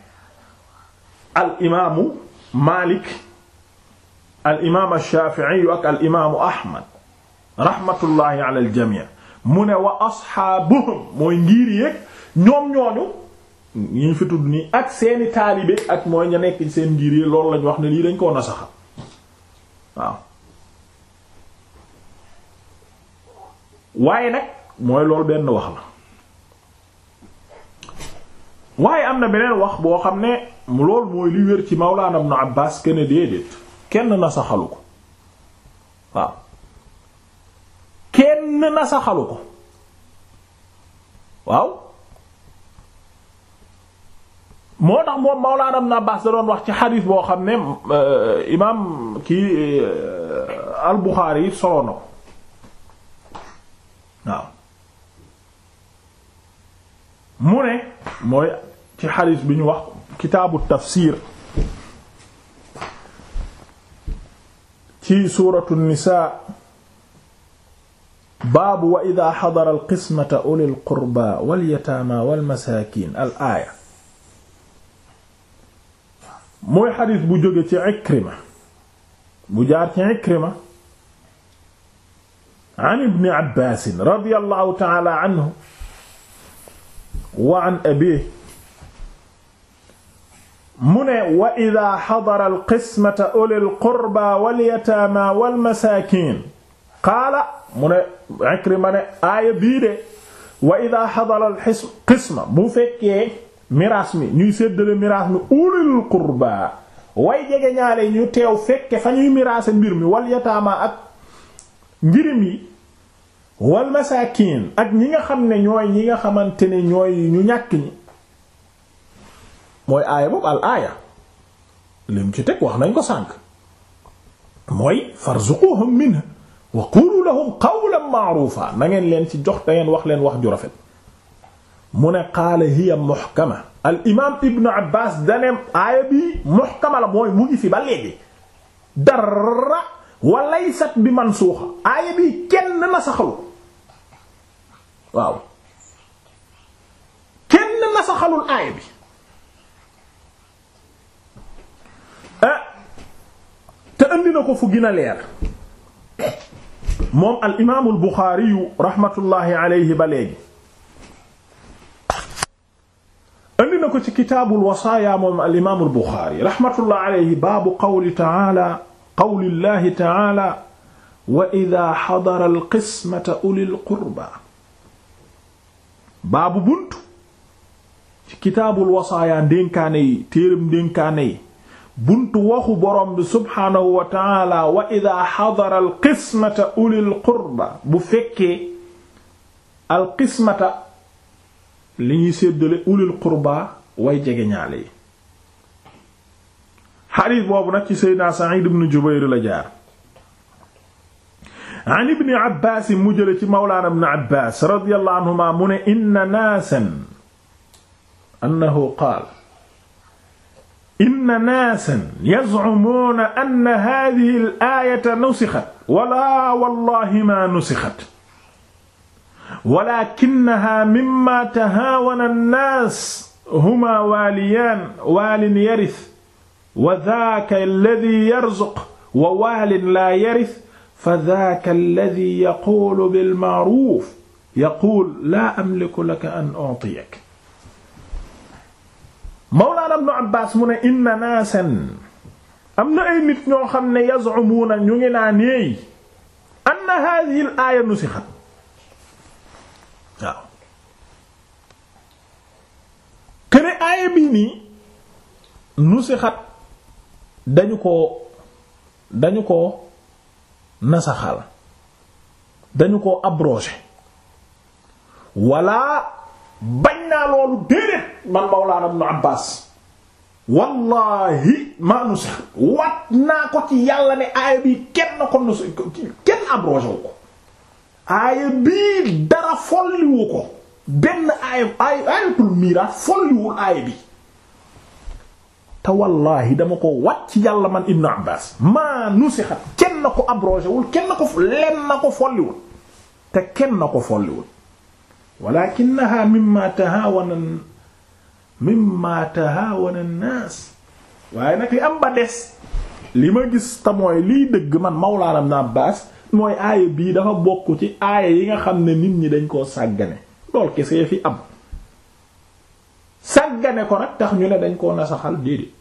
al imaamu Malik al imaam ash-Shafi'i ak al imaamu Ahmad rahmatullahi ala al jami' mu ne wa asxaabuhum mooy ngir yeeg ñoom ñooñu ñu fi tudd nii ak seeni taalibe ak mooy ña nekk seen ngir yi loolu lañu wax ne lii dañ koo nasaxa waaw waaye nag mooy lool benn wax la waaye am na beneen wax boo xam ne lool mooy li wér ci Mawlaana Ibn Abbaas kenn déedéet kenn na saxalu ko waaw kenn na saxalu ko waaw moo tax moom Mawlaana Ibn Abbaas da wax ci xadiis boo xam ne euh, imaam kii euh, al Buxaari yi solo na ko mu ne mooy ci xadis bi ñu wax kitaabu tafsir ci suuratu nisaa baabu wa ida xadara alqismata ulil qurba walyataama walmasaakin al aaya mooy xadis bu jóge ci Ikrima bu jaar ci Ikrima an ibni Abbaasin radiyallahu ta'ala anhu wa an abiih mu ne wa ida xadara alqismata ulil qurba walyataama walmasaakiin qaala mu ne Ikrima ne aaya bii de wa ida xadara alqisma bu fekkee miraas mi ñuy séddale miraas mi ulil qurba way jege ñaale ñu teew fekke fa ñuy miraase mbir mi walyataama ak ngirim yi wal masaakiin ak ñi nga xam ne ñooy ñi nga xamante ne ñooy ñu ñàkk ñi mooy aaya boobu al aaya lim ci teg wax nañ ko sànk mooy farzuquhum minha wa qulu lahum qawlan ma'rufa na ngeen leen ci jox da ngeen wax leen wax ju rafet mu ne qaala hiya muhkama al imaam ibnu abbas daneem bi muhkama la mu ngi fi ba léegi dara wa laysat bi mansuuxa aaya bi kenn na saxalu waaw kenn nasaxalul aaya bi eh, te andi na ko fu gën a leer moom al imaamul Buxaari rahmatullahi alayhi ba léegi andi na ko ci kitaabul wasaaya moom al imaamul Buxaari rahmatullahi alayhi baabu qawli ta'aala qawli llahi ta'aala wa idhaa hadara al qismata ulil qurbaa baabu bunt ci kitaabul wasaaya ndénkaane yi téeram buntu waxu borom bi subhaanahu wa taala wa ida xadara alqismata ulil qurba bu fekkee alqismata li ñuy séddale ulil qurba way jege ñaale yi boobu nag ci seydina Sa'id ibn la jaar an ibni abbas mu jële ci mawlaana ibn abbas radiyallahu anhuma mu ne inna naasan annahu qaal inna naasan yaz'umuuna anna haadihi al-aayata nusixat wala wallahi maa nusixat walaakinnahaa mimmaa tahaawana an-naas humaa waaliyaan waalin yarith wa zaaka alladhii yarzuq wa waalin laa yarith fa daaka alladi yaquulu bilmaaruuf yaquul laa amliku laka an utiyak mawlaana ibnu abbaas mu ne inna naasan am na ay nit ñoo xam ne yazumuuna ñu ngi naa neey anna haadihi l aaya nusixat waaw këne aaya bi nii nusixat dañu ko dañu ko nasaxal dañu ko abrogé wala bañ naa loolu déedéet man Mawlaana Ibn Abbaas wallahi maa nusax wat naa ko ci yàlla ne aaya bi kenn ko nus kenn abrogé ko aaya bii dara folliwu ko benn aaya aayatul miiraas folliwul aaya bi te wallaahi dama ko wat ci yàlla man Ibn Abbas maa nusixat kenn ko abrogé kenn ko len na ko folliwul te kenn ko folliwul walakinaha mimma tahawana mimma tahawana an waaye nag li am ba des li ma gis te mooy liy dëgg man Mawlaana Ibn Abbas mooy aaya bii dafa bokk ci aaya yi nga xam ne nit ñi dañ koo sàggane lool kese fi am sàggane ko nag tax ñu ne dañ koo nasaxal déedéet